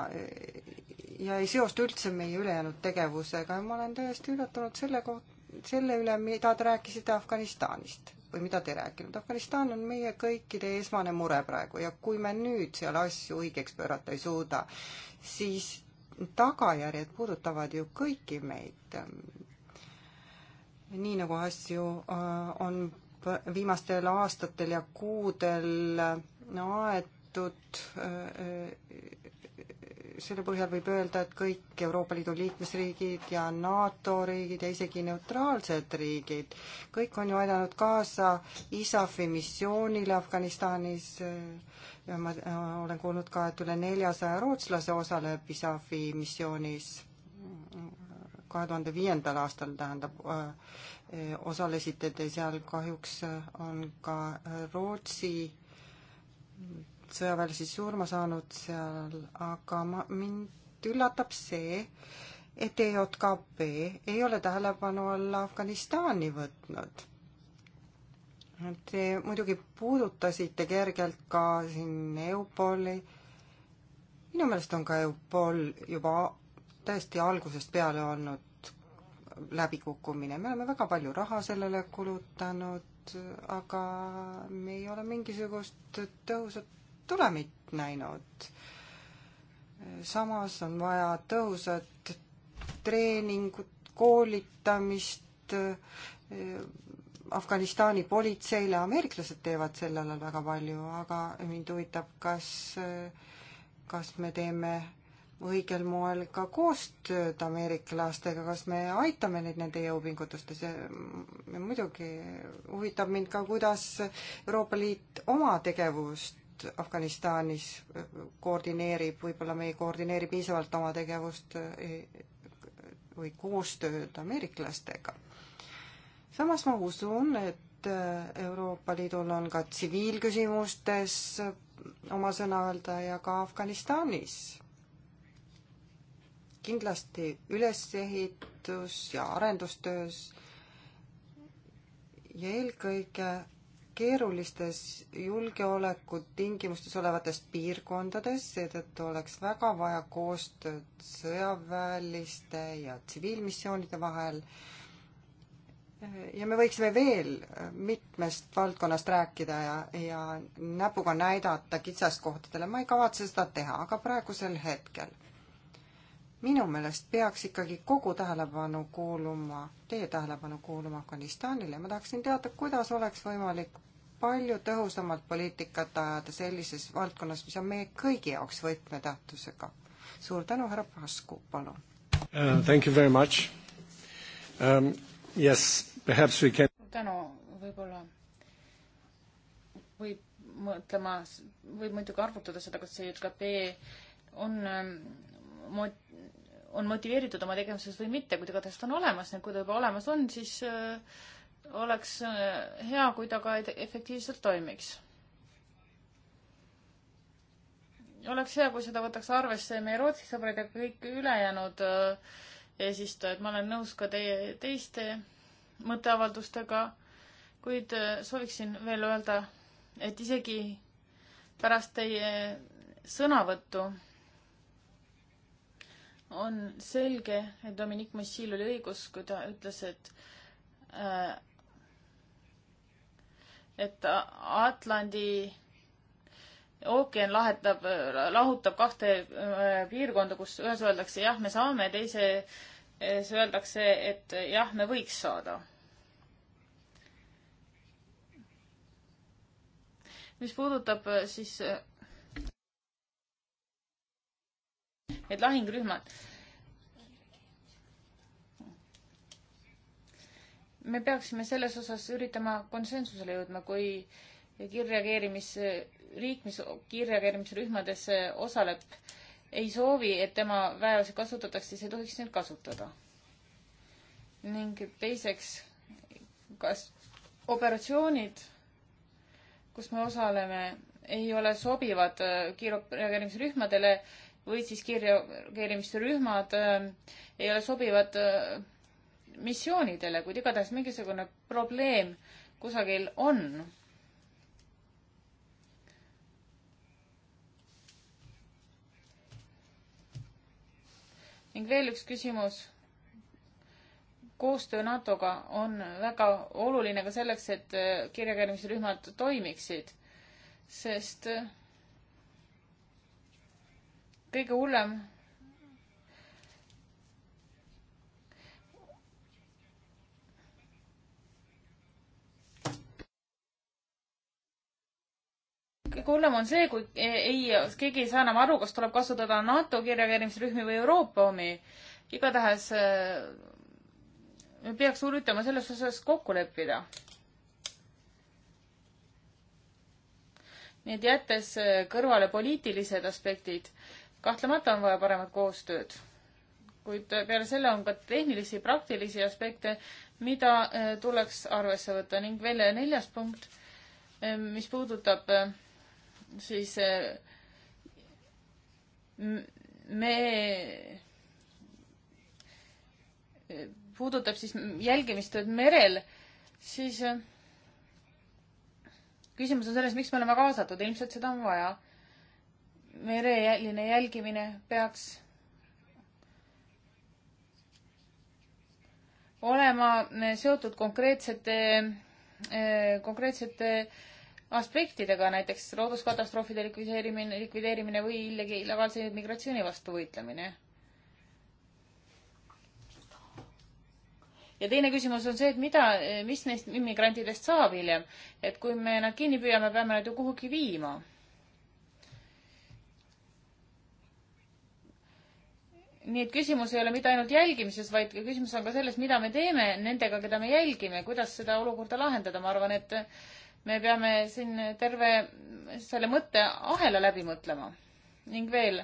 ja ei seostu üldse meie ülejäänud tegevusega ja ma olen täiesti üllatunud selle koht-, selle üle, mida te rääkisite Afganistanist või mida te ei rääkinud. Afganistan on meie kõikide esmane mure praegu ja kui me nüüd seal asju õigeks pöörata ei suuda, siis tagajärjed puudutavad ju kõiki meid. nii nagu asju äh, on viimastel aastatel ja kuudel äh, aetud, äh, selle põhjal võib öelda, et kõik Euroopa Liidu liikmesriigid ja NATO riigid ja isegi neutraalsed riigid, kõik on ju aidanud kaasa ISAF-i missioonile Afganistanis. ma äh, olen kuulnud ka, et üle neljasaja rootslase osaleb ISAF-i missioonis kahe tuhande viiendal aastal, tähendab, äh, osalesite te seal, kahjuks äh, on ka Rootsi sõjaväelasi surma saanud seal, aga ma, mind üllatab see, et EJKP ei ole tähelepanu alla Afganistani võtnud. Te muidugi puudutasite kergelt ka siin EUPOL-i. minu meelest on ka EUPOL juba täiesti algusest peale olnud läbikukkumine, me oleme väga palju raha sellele kulutanud, aga me ei ole mingisugust tõhusat tulemit näinud. samas on vaja tõhusat treeningut, koolitamist, eh, Afganistani politseile, ameeriklased teevad sel alal väga palju, aga mind huvitab, kas, kas me teeme õigel moel ka koostööd ameeriklastega, kas me aitame neid nende jõupingutustes ja muidugi huvitab mind ka, kuidas Euroopa Liit oma tegevust Liit Afganistanis koordineerib, võib-olla me ei koordineeri piisavalt oma tegevust eh, või koostööd ameeriklastega. samas ma usun, et eh, Euroopa Liidul on ka tsiviilküsimustes oma sõna öelda ja ka Afganistanis kindlasti ülesehitus ja arendustöös ja eelkõige keerulistes julgeolekutingimustes olevates piirkondades, seetõttu oleks väga vaja koostööd sõjaväeliste ja tsiviilmissioonide vahel. ja me võiksime veel mitmest valdkonnast rääkida ja, ja näpuga näidata kitsaskohtadele, ma ei kavatse seda teha, aga praegusel hetkel minu meelest peaks ikkagi kogu tähelepanu kuuluma, teie tähelepanu kuuluma Afganistanile ja ma tahaksin teada, kuidas oleks võimalik palju tõhusamalt poliitikat ajada sellises valdkonnas, mis on meie kõigi jaoks võtmetähtsusega. suur tänu, härra Pasku, palun
uh,! Thank you very much um,. Yes, perhaps we can
tänu, võib-olla võib mõtlema, võib muidugi arvutada seda, kas see JKP on um, mot-, on motiveeritud oma tegevuses või mitte, kui ta igatahes ta on olemas, kui nagu ta juba olemas on, siis äh, oleks äh, hea, kui ta ka efektiivselt toimiks. oleks hea, kui seda võtaks arvesse meie Rootsi sõbrad ja kõik ülejäänud äh, eesistujad, ma olen nõus ka teie teiste mõtteavaldustega, kuid sooviksin veel öelda, et isegi pärast teie sõnavõttu on selge, et Dominic Massil oli õigus, kui ta ütles, et äh, et Atlandi ookean lahetab, lahutab kahte äh, piirkonda, kus ühes öeldakse jah, me saame, teises äh, öeldakse, et jah, me võiks saada. mis puudutab äh, siis need lahingrühmad. me peaksime selles osas üritama konsensusele jõudma, kui kiirreageerimisriik, mis kiirreageerimisrühmades osaleb, ei soovi, et tema väelasi kasutatakse, siis ei tohiks neid kasutada. ning teiseks, kas operatsioonid, kus me osaleme, ei ole sobivad äh, kiirreageerimisrühmadele, või siis kiirreageerimisrühmad äh, ei ole sobivad äh, missioonidele, kuid igatahes mingisugune probleem kusagil on. ning veel üks küsimus. koostöö NATO-ga on väga oluline ka selleks, et äh, kirjakäimisrühmad toimiksid, sest kõige hullem kõige hullem on see, kui e- ei, keegi ei saa enam aru, kas tuleb kasutada NATO kirjakeerimisrühmi või Euroopa omi. igatahes e, me peaks üritama selles osas kokku leppida. nii et jättes e, kõrvale poliitilised aspektid, kahtlemata on vaja paremat koostööd, kuid peale selle on ka tehnilisi, praktilisi aspekte, mida eh, tuleks arvesse võtta ning veel neljas punkt, eh, mis puudutab eh, siis me puudutab siis jälgimistööd merel, siis küsimus on selles, miks me oleme kaasatud, ilmselt seda on vaja mereline jälgimine peaks olema seotud konkreetsete, eh, konkreetsete aspektidega, näiteks looduskatastroofide likvideerimine, likvideerimine või illegaalse migratsiooni vastu võitlemine. ja teine küsimus on see, et mida, mis neist immigrantidest saab hiljem, et kui me nad kinni püüame, peame nad ju kuhugi viima nii et küsimus ei ole mitte ainult jälgimises, vaid küsimus on ka selles, mida me teeme nendega, keda me jälgime, kuidas seda olukorda lahendada, ma arvan, et me peame siin terve selle mõtteahela läbi mõtlema. ning veel.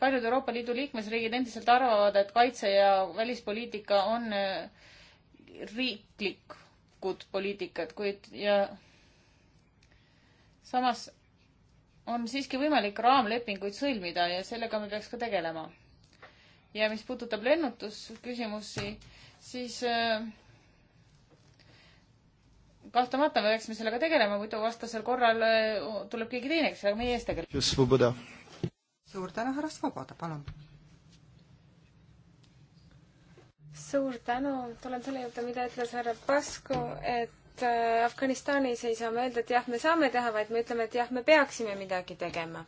paljud Euroopa Liidu liikmesriigid endiselt arvavad, et kaitse ja välispoliitika on riiklikud poliitikad, kuid ja samas on siiski võimalik raamlepinguid sõlmida ja sellega me peaks ka tegelema. ja mis puudutab lennutusküsimusi, siis äh, kahtlemata me peaksime sellega tegelema, muidu vastasel korral äh, tuleb keegi teine, kes meie eest tegeleb. just, Svoboda. suur tänu, härra Svoboda, palun.
suur tänu, tulen selle juurde, mida ütles härra Pasku, et Äh, Afganistanis ei saa me öelda, et jah, me saame teha, vaid me ütleme, et jah, me peaksime midagi tegema.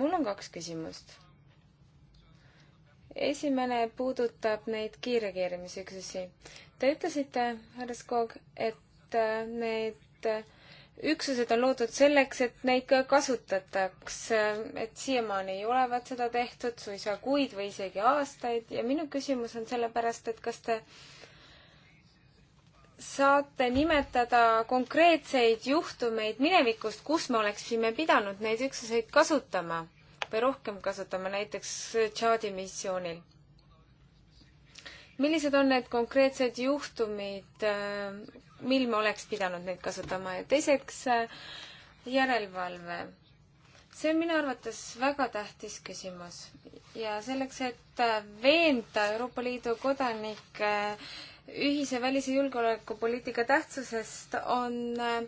mul on kaks küsimust. esimene puudutab neid kiirreageerimisüksusi. Te ütlesite, härra Skog, et äh, need üksused on loodud selleks, et neid ka kasutataks, et siiamaani ei olevat seda tehtud suisa kuid või isegi aastaid ja minu küsimus on sellepärast, et kas te saate nimetada konkreetseid juhtumeid minevikust, kus me oleksime pidanud neid üksuseid kasutama või rohkem kasutama, näiteks Tšaadi missioonil? millised on need konkreetsed juhtumid, mil me oleks pidanud neid kasutama ja teiseks järelevalve. see on minu arvates väga tähtis küsimus ja selleks, et veenda Euroopa Liidu kodanikke äh, ühise välis- ja julgeolekupoliitika tähtsusest on äh,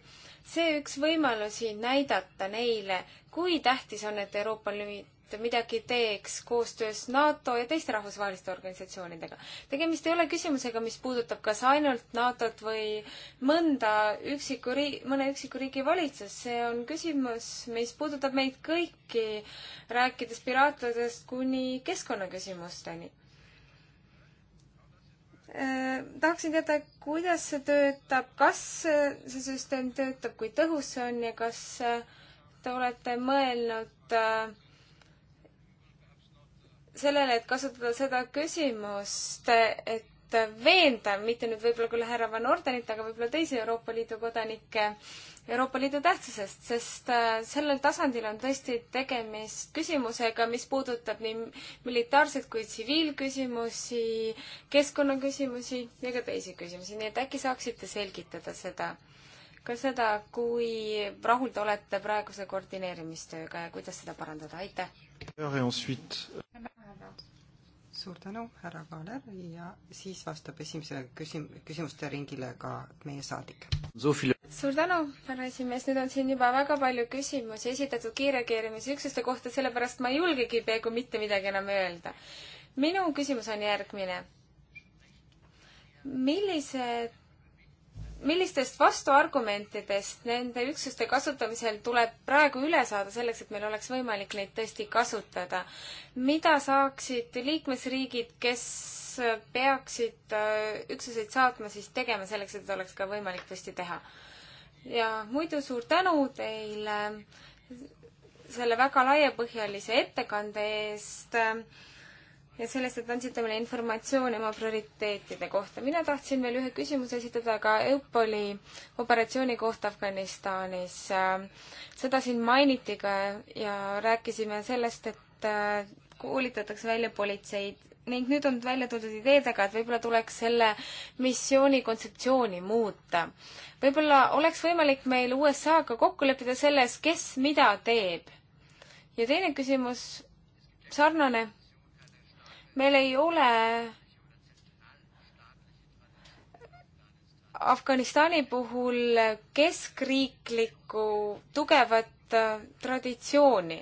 see üks võimalusi näidata neile, kui tähtis on, et Euroopa Liit midagi teeks koostöös NATO ja teiste rahvusvaheliste organisatsioonidega. tegemist ei ole küsimusega, mis puudutab kas ainult NATO-t või mõnda üksiku riigi, mõne üksiku riigi valitsust, see on küsimus, mis puudutab meid kõiki, rääkides piraatidest kuni keskkonnaküsimusteni Äh, tahaksin teada, kuidas see töötab, kas äh, see süsteem töötab, kui tõhus see on ja kas äh, te olete mõelnud sellele, et kasutada seda küsimust, et veenda, mitte nüüd võib-olla küll härra Van Ordenit, aga võib-olla teisi Euroopa Liidu kodanikke Euroopa Liidu tähtsusest, sest äh, sellel tasandil on tõesti tegemist küsimusega, mis puudutab nii militaarseid kui tsiviilküsimusi, keskkonnaküsimusi ja ka teisi küsimusi, nii et äkki saaksite selgitada seda, ka seda, kui rahul te olete praeguse koordineerimistööga ja kuidas seda parandada, aitäh! suur tänu, härra Kaaler ja
siis vastab esimesele küsim-, küsimuste ringile ka meie saadik. Zofile
suur tänu, härra esimees, nüüd on siin juba väga palju küsimusi esitatud kiirreageerimisüksuste kohta, sellepärast ma ei julgegi peaaegu mitte midagi enam öelda. minu küsimus on järgmine. millised millistest vastuargumentidest nende üksuste kasutamisel tuleb praegu üle saada selleks, et meil oleks võimalik neid tõesti kasutada? mida saaksid liikmesriigid, kes peaksid äh, üksuseid saatma, siis tegema selleks, et oleks ka võimalik tõesti teha? ja muidu suur tänu teile selle väga laiapõhjalise ettekande eest ja sellest, et andsite meile informatsiooni oma prioriteetide kohta. mina tahtsin veel ühe küsimuse esitada ka EUPOL-i operatsiooni kohta Afganistanis. seda siin mainiti ka ja rääkisime sellest, et koolitatakse välja politseid, ning nüüd on välja tuldud ideedega, et võib-olla tuleks selle missiooni kontseptsiooni muuta. võib-olla oleks võimalik meil USA-ga kokku leppida selles, kes mida teeb. ja teine küsimus, sarnane. meil ei ole Afganistani puhul keskriiklikku tugevat äh, traditsiooni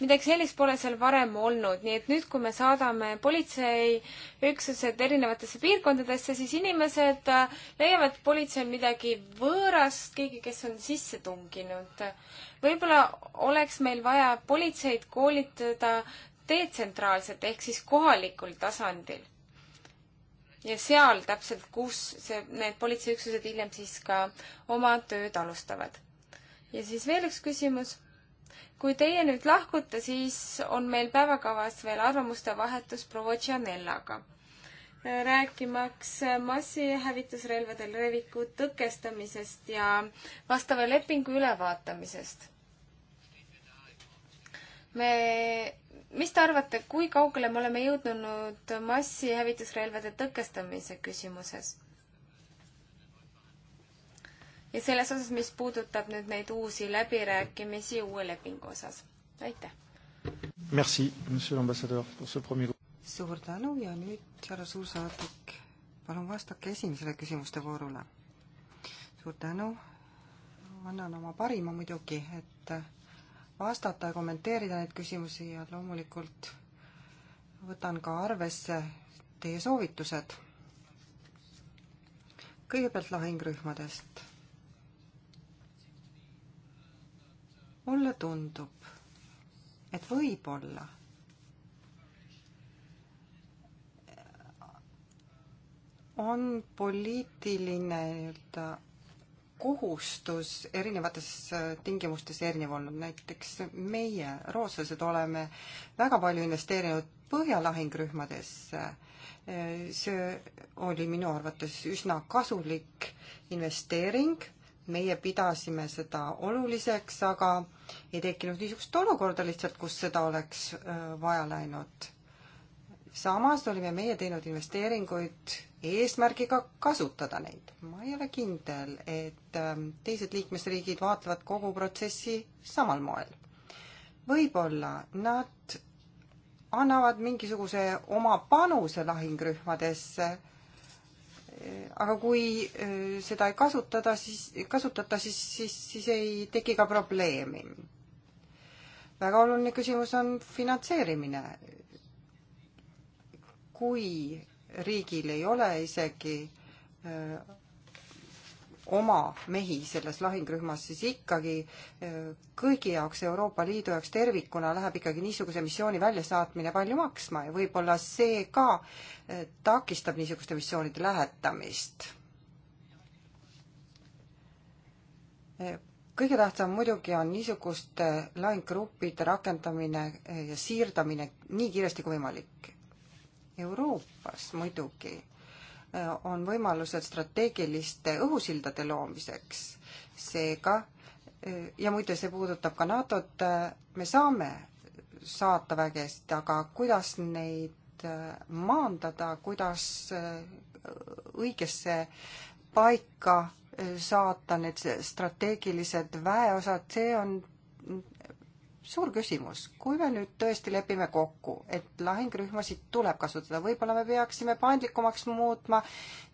midagi sellist pole seal varem olnud, nii et nüüd, kui me saadame politseiüksused erinevatesse piirkondadesse, siis inimesed äh, leiavad, et politsei on midagi võõrast, keegi, kes on sisse tunginud. võib-olla oleks meil vaja politseid koolitada detsentraalselt ehk siis kohalikul tasandil. ja seal täpselt, kus see, need politseiüksused hiljem siis ka oma tööd alustavad. ja siis veel üks küsimus kui teie nüüd lahkute, siis on meil päevakavas veel arvamuste vahetus proua Gianellaga, rääkimaks massihävitusrelvadel reviku tõkestamisest ja vastava lepingu ülevaatamisest. me, mis te arvate, kui kaugele me oleme jõudnud massihävitusrelvade tõkestamise küsimuses? ja selles osas, mis puudutab nüüd neid uusi läbirääkimisi uue lepingu osas. aitäh! Merci, monsieur l'ambassadeur, pour ce premier
suur tänu ja nüüd, härra suursaadik, palun vastake esimesele küsimuste voorule. suur tänu, annan oma parima muidugi, et vastata ja kommenteerida neid küsimusi ja loomulikult võtan ka arvesse teie soovitused. kõigepealt lahingrühmadest mulle tundub, et võib-olla on poliitiline nii-öelda kohustus erinevates tingimustes erinev olnud, näiteks meie, rootslased, oleme väga palju investeerinud põhjalahingurühmadesse. see oli minu arvates üsna kasulik investeering meie pidasime seda oluliseks, aga ei tekkinud niisugust olukorda lihtsalt, kus seda oleks vaja läinud. samas olime meie teinud investeeringuid eesmärgiga kasutada neid. ma ei ole kindel, et teised liikmesriigid vaatavad kogu protsessi samal moel. võib-olla nad annavad mingisuguse oma panuse lahingrühmadesse aga kui äh, seda ei kasutada, siis, kasutata, siis, siis, siis ei teki ka probleemi. väga oluline küsimus on finantseerimine. kui riigil ei ole isegi äh, oma mehi selles lahingrühmas, siis ikkagi eh, kõigi jaoks, Euroopa Liidu jaoks tervikuna läheb ikkagi niisuguse missiooni väljasaatmine palju maksma ja võib-olla see ka eh, takistab niisuguste missioonide lähetamist. Eh, kõige tähtsam muidugi on niisuguste lahingugruppide rakendamine ja siirdamine nii kiiresti kui võimalik. Euroopas muidugi Äh, on võimalused strateegiliste õhusildade loomiseks. seega äh, ja muide, see puudutab ka NATO-t, äh, me saame saata vägesid, aga kuidas neid maandada, kuidas õigesse paika saata need strateegilised väeosad, see on suur küsimus, kui me nüüd tõesti lepime kokku, et lahingrühmasid tuleb kasutada, võib-olla me peaksime paindlikumaks muutma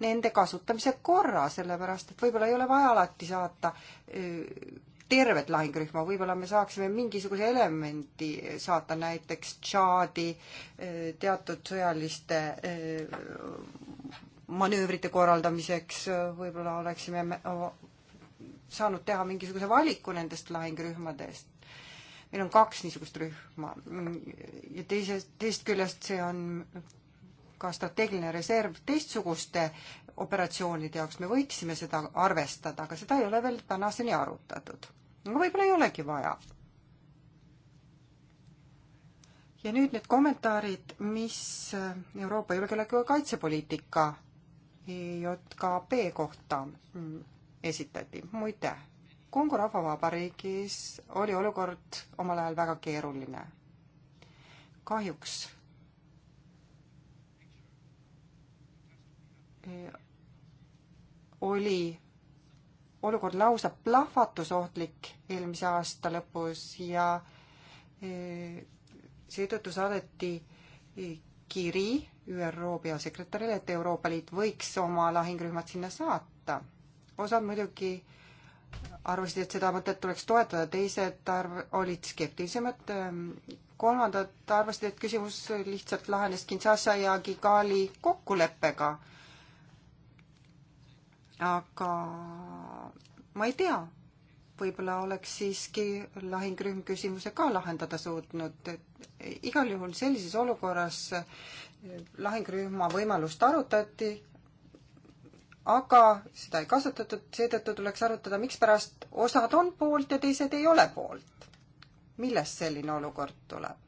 nende kasutamise korra, sellepärast et võib-olla ei ole vaja alati saata äh, tervet lahingrühma, võib-olla me saaksime mingisuguse elemendi äh, saata näiteks Tšaadi äh, teatud sõjaliste manöövrite korraldamiseks, võib-olla oleksime saanud teha mingisuguse valiku nendest lahingrühmadest meil on kaks niisugust rühma ja teisest, teisest küljest see on ka strateegiline reserv teistsuguste operatsioonide jaoks, me võiksime seda arvestada, aga seda ei ole veel tänaseni arutatud. aga võib-olla ei olegi vaja. ja nüüd need kommentaarid, mis Euroopa julgeoleku- ja kaitsepoliitika EJKP kohta esitati. muide, Kongo Rahvavabariigis oli olukord omal ajal väga keeruline. kahjuks oli olukord lausa plahvatusohtlik eelmise aasta lõpus ja e, seetõttu saadeti e, kiri ÜRO peasekretärile, et Euroopa Liit võiks oma lahingrühmad sinna saata. osad muidugi äh, arvasid, et seda mõtet tuleks toetada, teised arv-, olid skeptilisemad, ähm, kolmandad arvasid, et küsimus lihtsalt lahenes Kinshasa ja Kigali kokkuleppega. aga ma ei tea, võib-olla oleks siiski lahingrühm küsimuse ka lahendada suutnud, et igal juhul sellises olukorras lahingrühma võimalust arutati aga seda ei kasutatud, seetõttu tuleks arutada, mikspärast osad on poolt ja teised ei ole poolt. millest selline olukord tuleb?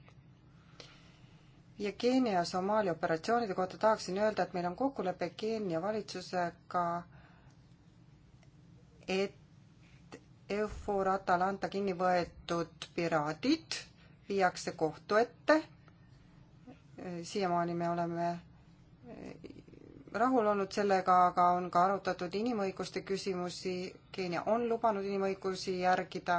ja Keenia ja Somaalia operatsioonide kohta tahaksin öelda, et meil on kokkulepe Keenia valitsusega, et EUFOR Atalanta kinni võetud piraadid viiakse kohtu ette. siiamaani me oleme rahul olnud sellega, aga on ka arutatud inimõiguste küsimusi. Keenia on lubanud inimõigusi järgida.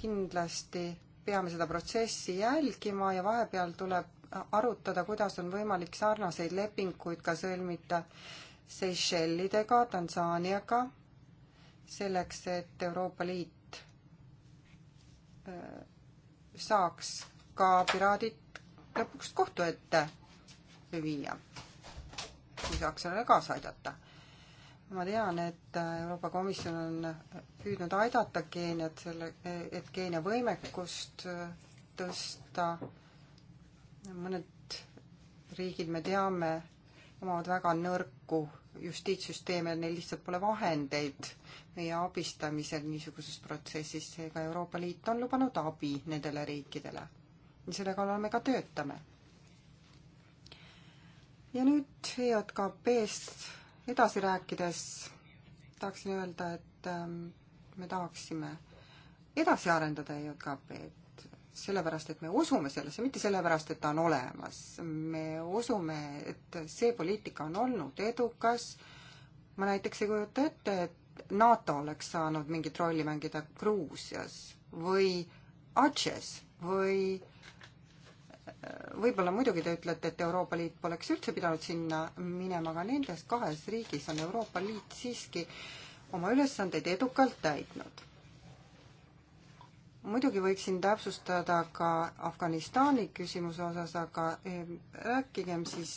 kindlasti peame seda protsessi jälgima ja vahepeal tuleb arutada, kuidas on võimalik sarnaseid lepinguid ka sõlmida Seychellidega, Tansaaniaga, selleks et Euroopa Liit äh, saaks ka piraadid lõpuks kohtu ette viia, kui saaks sellele kaasa aidata. ma tean, et Euroopa Komisjon on püüdnud aidata Keeniat selle, et Keenia võimekust tõsta. mõned riigid, me teame, omavad väga nõrku justiitssüsteeme, neil lihtsalt pole vahendeid meie abistamisel niisuguses protsessis, seega Euroopa Liit on lubanud abi nendele riikidele. ja selle kallal me ka töötame ja nüüd EJKP-st edasi rääkides tahaksin öelda, et ähm, me tahaksime edasi arendada EJKP-d, sellepärast et me usume sellesse, mitte sellepärast, et ta on olemas. me usume, et see poliitika on olnud edukas. ma näiteks ei kujuta ette, et NATO oleks saanud mingit rolli mängida Gruusias või Atšes või võib-olla muidugi te ütlete, et Euroopa Liit poleks üldse pidanud sinna minema, aga nendes kahes riigis on Euroopa Liit siiski oma ülesandeid edukalt täitnud. muidugi võiksin täpsustada ka Afganistani küsimuse osas, aga eh, rääkigem siis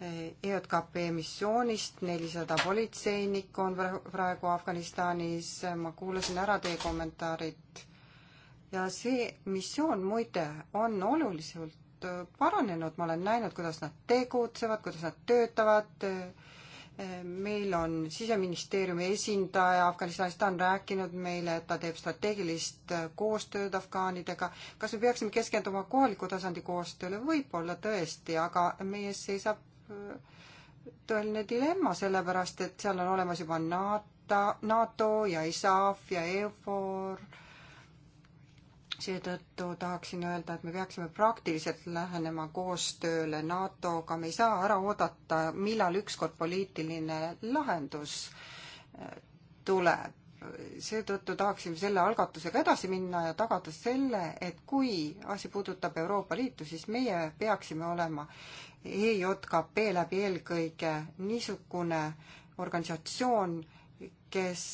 EJKP eh, e missioonist, nelisada politseinikku on praegu Afganistanis, ma kuulasin ära teie kommentaarid ja see missioon muide on oluliselt äh, paranenud, ma olen näinud, kuidas nad tegutsevad, kuidas nad töötavad, äh, äh, meil on siseministeeriumi esindaja Afganistanis, ta on rääkinud meile, et ta teeb strateegilist koostööd afgaanidega. kas me peaksime keskenduma kohaliku tasandi koostööle? võib-olla tõesti, aga meie ees seisab tõeline dilemma, sellepärast et seal on olemas juba NATO, NATO ja ISAF ja EUFOR seetõttu tahaksin öelda, et me peaksime praktiliselt lähenema koostööle NATO-ga, me ei saa ära oodata, millal ükskord poliitiline lahendus eh, tuleb. seetõttu tahaksime selle algatusega edasi minna ja tagada selle, et kui asi puudutab Euroopa Liitu, siis meie peaksime olema EJKP läbi eelkõige niisugune organisatsioon, kes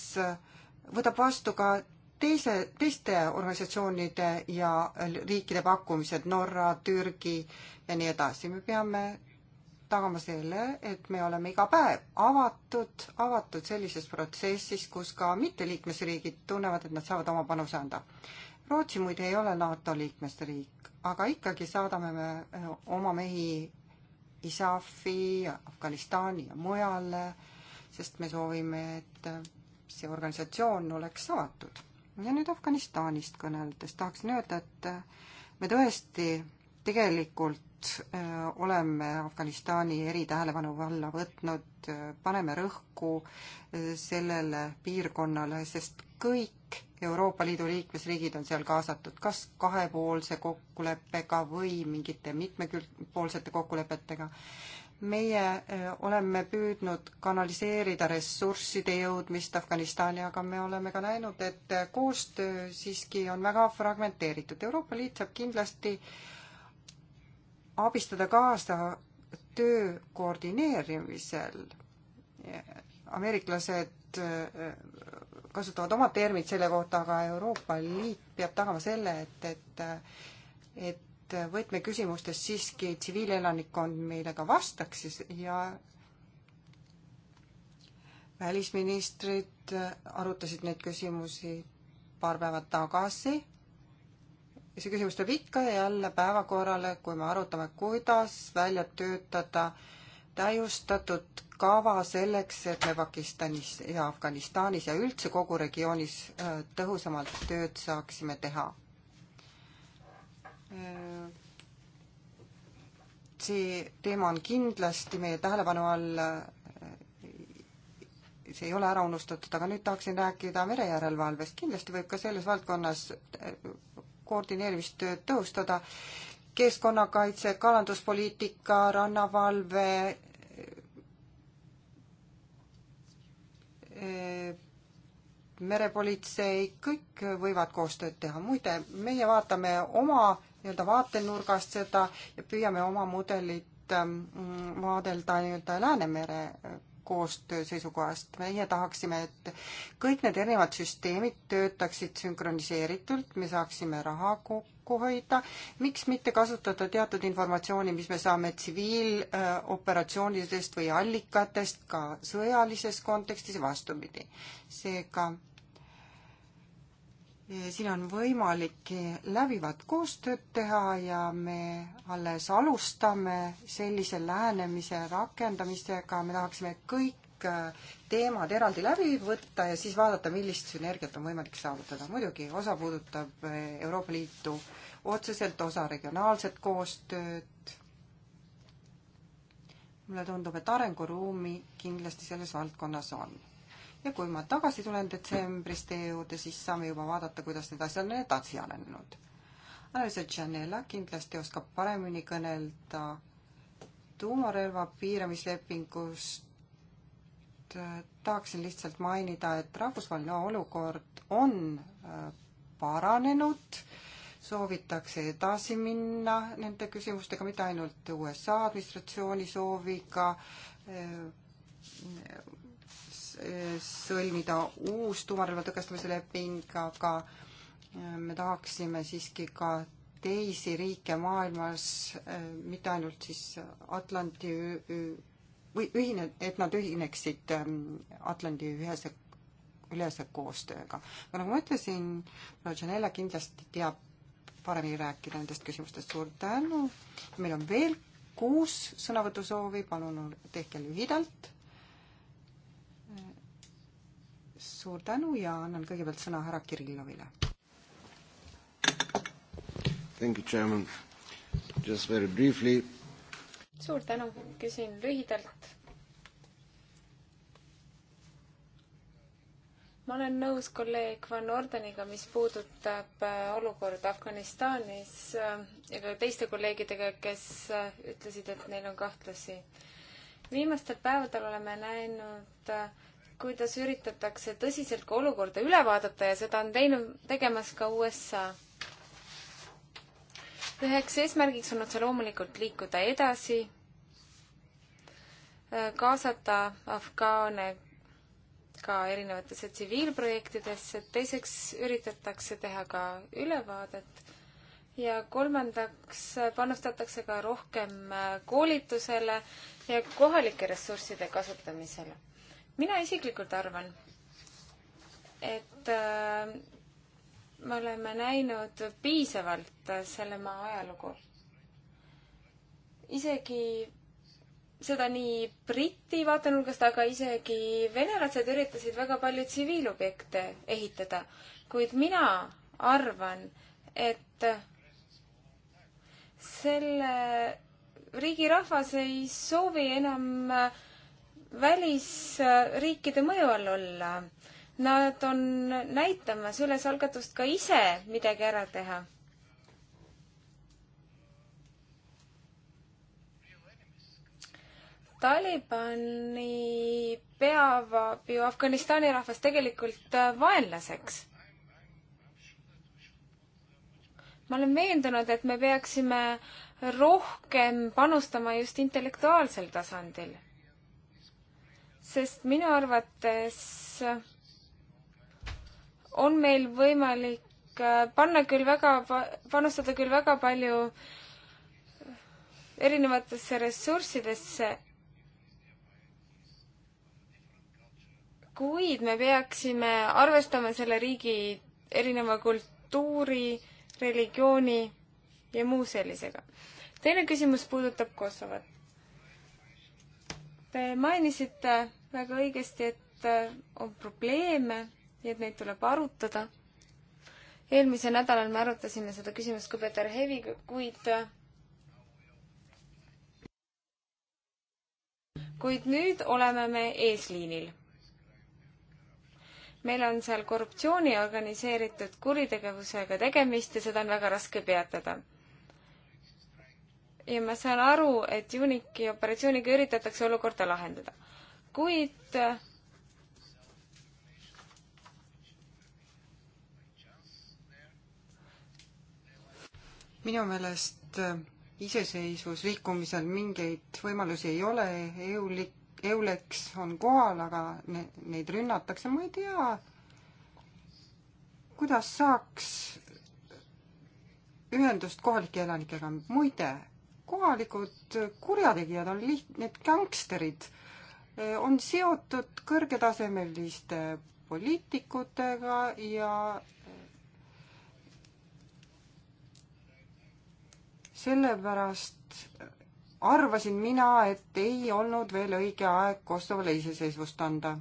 võtab vastu ka teise, teiste organisatsioonide ja riikide pakkumised, Norra, Türgi ja nii edasi, me peame tagama selle, et me oleme iga päev avatud, avatud sellises protsessis, kus ka mitteliikmesriigid tunnevad, et nad saavad oma panuse anda. Rootsi muide ei ole NATO liikmesriik, aga ikkagi saadame me eh, oma mehi ISAF-i, Afganistani ja mujale, sest me soovime, et eh, see organisatsioon oleks avatud ja nüüd Afganistanist kõneldes tahaksin öelda, et äh, me tõesti tegelikult äh, oleme Afganistani eritähelepanu alla võtnud, äh, paneme rõhku sellele piirkonnale, sest kõik Euroopa Liidu liikmesriigid on seal kaasatud, kas kahepoolse kokkuleppega või mingite mitmekülgpoolsete kokkulepetega meie eh, oleme püüdnud kanaliseerida ressursside jõudmist Afganistani, aga me oleme ka näinud, et eh, koostöö siiski on väga fragmenteeritud. Euroopa Liit saab kindlasti abistada kaasa töö koordineerimisel. Eh, ameeriklased kasutavad oma termid selle kohta, aga Euroopa Liit peab tagama selle, et, et et et võtmeküsimustes siiski tsiviilelanikkond meile ka vastaks ja välisministrid arutasid neid küsimusi paar päeva tagasi. ja see küsimus tuleb ikka ja jälle päevakorrale, kui me arutame, kuidas välja töötada täiustatud kava selleks, et me Pakistanis ja Afganistanis ja üldse kogu regioonis äh, tõhusamalt tööd saaksime teha see teema on kindlasti meie tähelepanu all, see ei ole ära unustatud, aga nüüd tahaksin rääkida merejärelevalvest. kindlasti võib ka selles valdkonnas koordineerimistööd tõhustada, keskkonnakaitse, kalanduspoliitika, rannavalve, merepolitsei, kõik võivad koostööd teha. muide, meie vaatame oma nii-öelda vaatenurgast seda ja püüame oma mudelit ähm, vaadelda nii-öelda Läänemere koostöö seisukohast. meie tahaksime, et kõik need erinevad süsteemid töötaksid sünkroniseeritult, me saaksime raha kokku hoida. miks mitte kasutada teatud informatsiooni, mis me saame tsiviiloperatsioonidest või allikatest ka sõjalises kontekstis ja vastupidi. seega Eh, siin on võimalik eh, läbivat koostööd teha ja me alles alustame sellise lähenemise rakendamisega, me tahaksime kõik eh, teemad eraldi läbi võtta ja siis vaadata, millist sünergiat on võimalik saavutada. muidugi, osa puudutab Euroopa Liitu otseselt, osa regionaalset koostööd. mulle tundub, et arenguruumi kindlasti selles valdkonnas on ja kui ma tagasi tulen detsembris teie juurde, siis saame juba vaadata, kuidas need asjad on edasi arenenud. Anneliise Janela kindlasti oskab paremini kõnelda tuumarelva piiramislepingust. tahaksin lihtsalt mainida, et rahvusvaheline olukord on äh, paranenud soovitakse edasi minna nende küsimustega, mitte ainult USA administratsiooni sooviga äh, sõlmida uus tuumarelva tõkestamise leping, aga äh, me tahaksime siiski ka teisi riike maailmas, äh, mitte ainult siis Atlandi või ühine, et nad ühineksid ähm, Atlandi ühese, ülese koostööga. aga nagu ma ütlesin, Janela kindlasti teab paremini rääkida nendest küsimustest, suur tänu. meil on veel kuus sõnavõtusoovi, palun tehke lühidalt suur tänu ja annan kõigepealt sõna härra Kirillovile.
Thank you, chairman. Just very briefly.
suur tänu, küsin lühidalt. ma olen nõus kolleeg Van Ordeniga, mis puudutab äh, olukorda Afganistanis äh, ja ka teiste kolleegidega, kes äh, ütlesid, et neil on kahtlusi. viimastel päevadel oleme näinud äh, kuidas üritatakse tõsiselt ka olukorda üle vaadata ja seda on teinud, tegemas ka USA. üheks eesmärgiks on otse loomulikult liikuda edasi, äh, kaasata afgaane ka erinevatesse tsiviilprojektidesse, teiseks üritatakse teha ka ülevaadet ja kolmandaks äh, panustatakse ka rohkem äh, koolitusele ja kohalike ressursside kasutamisele mina isiklikult arvan, et äh, me oleme näinud piisavalt äh, selle maa ajalugu. isegi seda nii Briti vaatenurgast, aga isegi venelased üritasid väga palju tsiviilobjekte ehitada. kuid mina arvan, et selle riigi rahvas ei soovi enam äh, välisriikide mõju all olla. Nad on näitamas üles algatust ka ise midagi ära teha. Talibani peavab ju Afganistani rahvas tegelikult vaenlaseks ma olen veendunud, et me peaksime rohkem panustama just intellektuaalsel tasandil sest minu arvates on meil võimalik äh, panna küll väga, panustada küll väga palju erinevatesse ressurssidesse, kuid me peaksime arvestama selle riigi erineva kultuuri, religiooni ja muu sellisega. teine küsimus puudutab Kosovot. Te mainisite väga õigesti, et äh, on probleeme ja et neid tuleb arutada. eelmisel nädalal me arutasime seda küsimust ka Peeter Heviga, kuid äh, kuid nüüd oleme me eesliinil. meil on seal korruptsiooni ja organiseeritud kuritegevusega tegemist ja seda on väga raske peatada. ja ma saan aru, et Uniki operatsiooniga üritatakse olukorda lahendada kuid
minu meelest äh, iseseisvusliikumisel mingeid võimalusi ei ole, EUlik, EULEX on kohal, aga ne, neid rünnatakse, ma ei tea, kuidas saaks ühendust kohalike elanikega, muide, kohalikud kurjategijad on liht-, need gängsterid on seotud kõrgetasemeliste poliitikutega ja sellepärast arvasin mina, et ei olnud veel õige aeg Kosovole iseseisvust anda.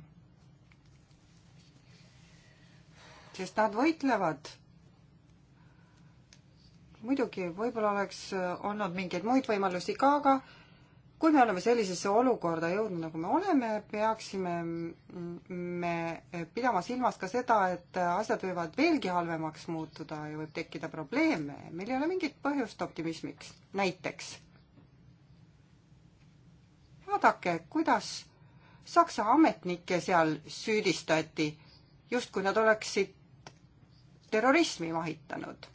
sest nad võitlevad muidugi, võib-olla oleks olnud mingeid muid võimalusi ka, aga kui me oleme sellisesse olukorda jõudnud, nagu me oleme, peaksime me pidama silmas ka seda, et asjad võivad veelgi halvemaks muutuda ja võib tekkida probleeme. meil ei ole mingit põhjust optimismiks. näiteks vaadake, kuidas Saksa ametnikke seal süüdistati, justkui nad oleksid terrorismi vahitanud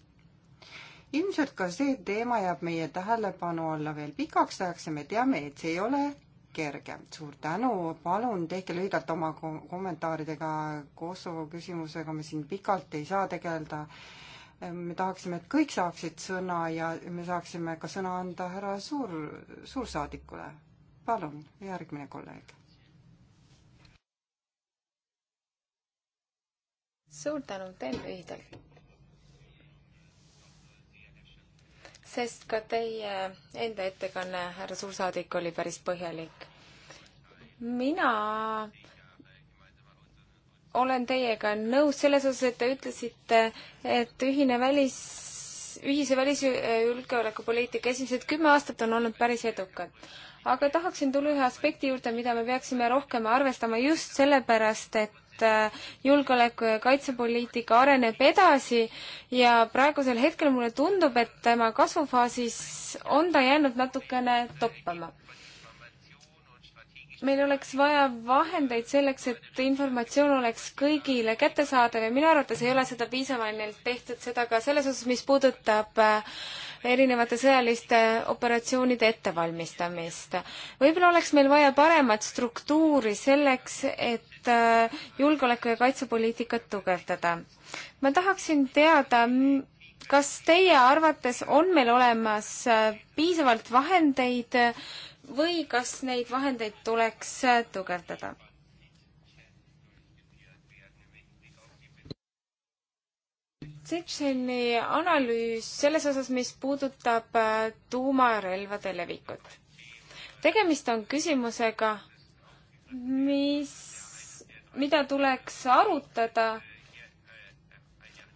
ilmselt ka see teema jääb meie tähelepanu alla veel pikaks ajaks ja me teame, et see ei ole kerge. suur tänu, palun tehke lühidalt oma kommentaaridega Kosovo küsimusega, me siin pikalt ei saa tegeleda. me tahaksime, et kõik saaksid sõna ja me saaksime ka sõna anda härra suur, suursaadikule. palun, järgmine kolleeg.
suur tänu, teen lühidalt sest ka teie enda ettekanne, härra suursaadik, oli päris põhjalik. mina olen teiega nõus selles osas, et te ütlesite, et ühine välis, ühise välisjulgeolekupoliitika esimesed kümme aastat on olnud päris edukad. aga tahaksin tulla ühe aspekti juurde, mida me peaksime rohkem arvestama just sellepärast, et Äh, julgeoleku- ja kaitsepoliitika areneb edasi ja praegusel hetkel mulle tundub, et tema kasvufaasis on ta jäänud natukene toppama. meil oleks vaja vahendeid selleks, et informatsioon oleks kõigile kättesaadav ja minu arvates ei ole seda piisavalt tehtud, seda ka selles osas, mis puudutab äh, erinevate sõjaliste operatsioonide ettevalmistamist. võib-olla oleks meil vaja paremat struktuuri selleks, et Äh, julgeoleku- ja kaitsepoliitikat tugevdada. ma tahaksin teada, kas teie arvates on meil olemas äh, piisavalt vahendeid või kas neid vahendeid tuleks äh, tugevdada? Tsitšeni analüüs selles osas, mis puudutab tuumarelvade levikut. tegemist on küsimusega, mis mida tuleks arutada.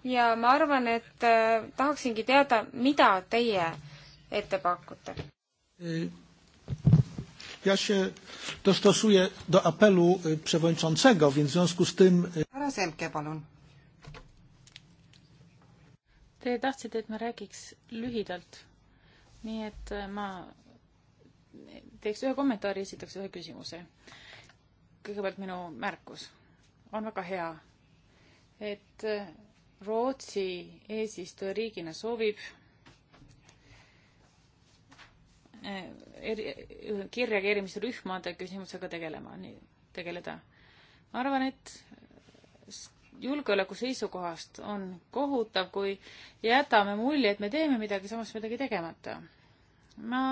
ja ma arvan, et äh, tahaksingi teada, mida teie ette pakute. Ja się dostosuję do apelu przewodniczącego, więc w związku z tym...
Härra
Semke, palun.
Te tahtsite, et ma räägiks lühidalt. Nii et äh, ma teeks ühe kommentaari, esitaks ühe küsimuse kõigepealt minu märkus. on väga hea, et äh, Rootsi eesistujariigina soovib äh, eri, äh, kiirreageerimisrühmade küsimusega tegelema, nii, tegeleda. ma arvan, et julgeoleku seisukohast on kohutav, kui jätame mulje, et me teeme midagi, samas midagi tegemata. ma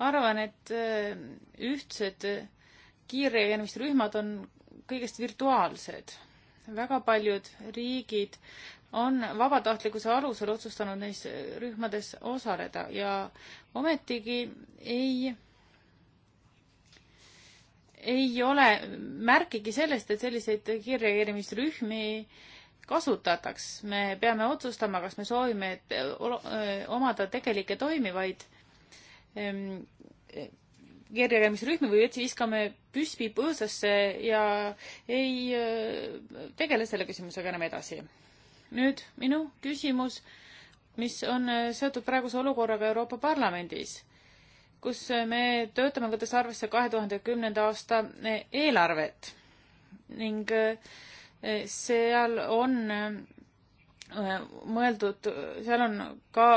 arvan, et ühtsed kiirreageerimisrühmad on kõigest virtuaalsed. väga paljud riigid on vabatahtlikkuse alusel otsustanud neis rühmades osaleda ja ometigi ei ei ole märkigi sellest, et selliseid kiirreageerimisrühmi kasutataks. me peame otsustama, kas me soovime eh, eh, omada tegelikke toimivaid ehm, kergekäimisrühmi või üldse viskame püssi põõsasse ja ei äh, tegele selle küsimusega enam edasi. nüüd minu küsimus, mis on äh, seotud praeguse olukorraga Euroopa Parlamendis, kus äh, me töötame, võttes arvesse kahe tuhande kümnenda aasta eelarvet ning seal on mõeldud, seal on ka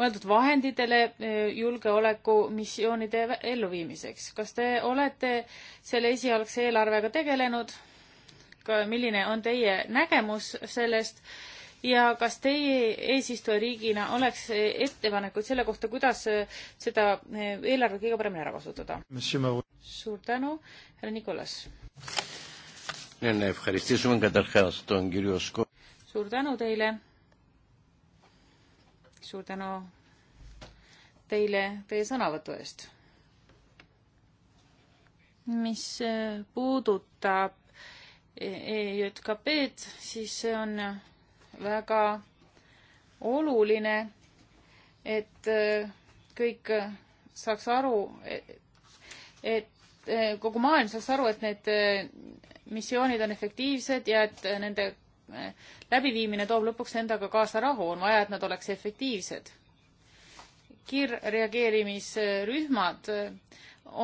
mõeldud vahenditele eh, julgeolekumissioonide elluviimiseks. kas te olete selle esialgse eelarvega tegelenud? milline on teie nägemus sellest ja kas teie eesistujariigina oleks eh, ettepanekuid selle kohta, kuidas eh, seda eelarvet kõige paremini ära kasutada? suur tänu, härra Nikolas. suur tänu teile suur tänu teile teie sõnavõtu eest. mis äh, puudutab äh, EJKP-d, siis see on väga oluline, et äh, kõik saaks aru, et kogu maailm saaks aru, et need missioonid on efektiivsed ja et nende läbiviimine toob lõpuks endaga kaasa rahu, on vaja, et nad oleks efektiivsed. kiirreageerimisrühmad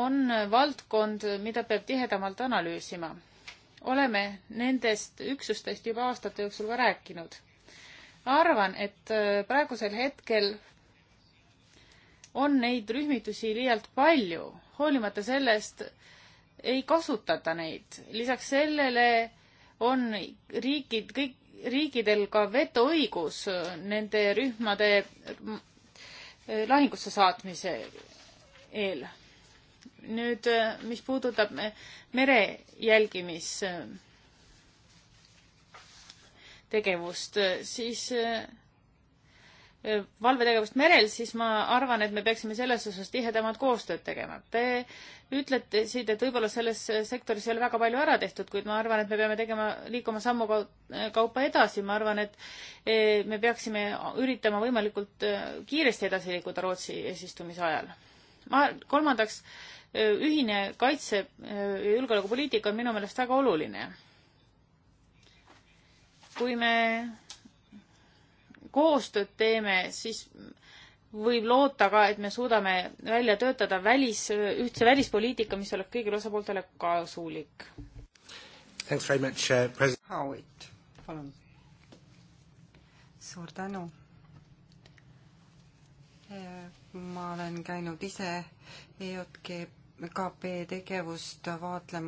on valdkond, mida peab tihedamalt analüüsima. oleme nendest üksustest juba aastate jooksul ka rääkinud. arvan, et praegusel hetkel on neid rühmitusi liialt palju, hoolimata sellest ei kasutata neid. lisaks sellele on riigid, kõik, riikidel ka vetoõigus nende rühmade lahingusse saatmise eel. nüüd, mis puudutab mere jälgimistegevust, siis valvetegevust merel, siis ma arvan, et me peaksime selles osas tihedamat koostööd tegema. Te ütlete siit, et võib-olla selles sektoris ei ole väga palju ära tehtud, kuid ma arvan, et me peame tegema, liikuma sammu kaupa edasi, ma arvan, et eh, me peaksime üritama võimalikult eh, kiiresti edasi liikuda Rootsi eesistumise ajal. ma, kolmandaks, eh, ühine kaitse- ja julgeolekupoliitika on minu meelest väga oluline. kui me koostööd teeme, siis võib loota ka, et me suudame välja töötada välis, ühtse välispoliitika, mis oleks kõigile osapooltele kasulik.
Thanks very much uh,, president
Howitt, palun.
suur tänu. Äh, ma olen käinud ise EJKP tegevust vaatlemas.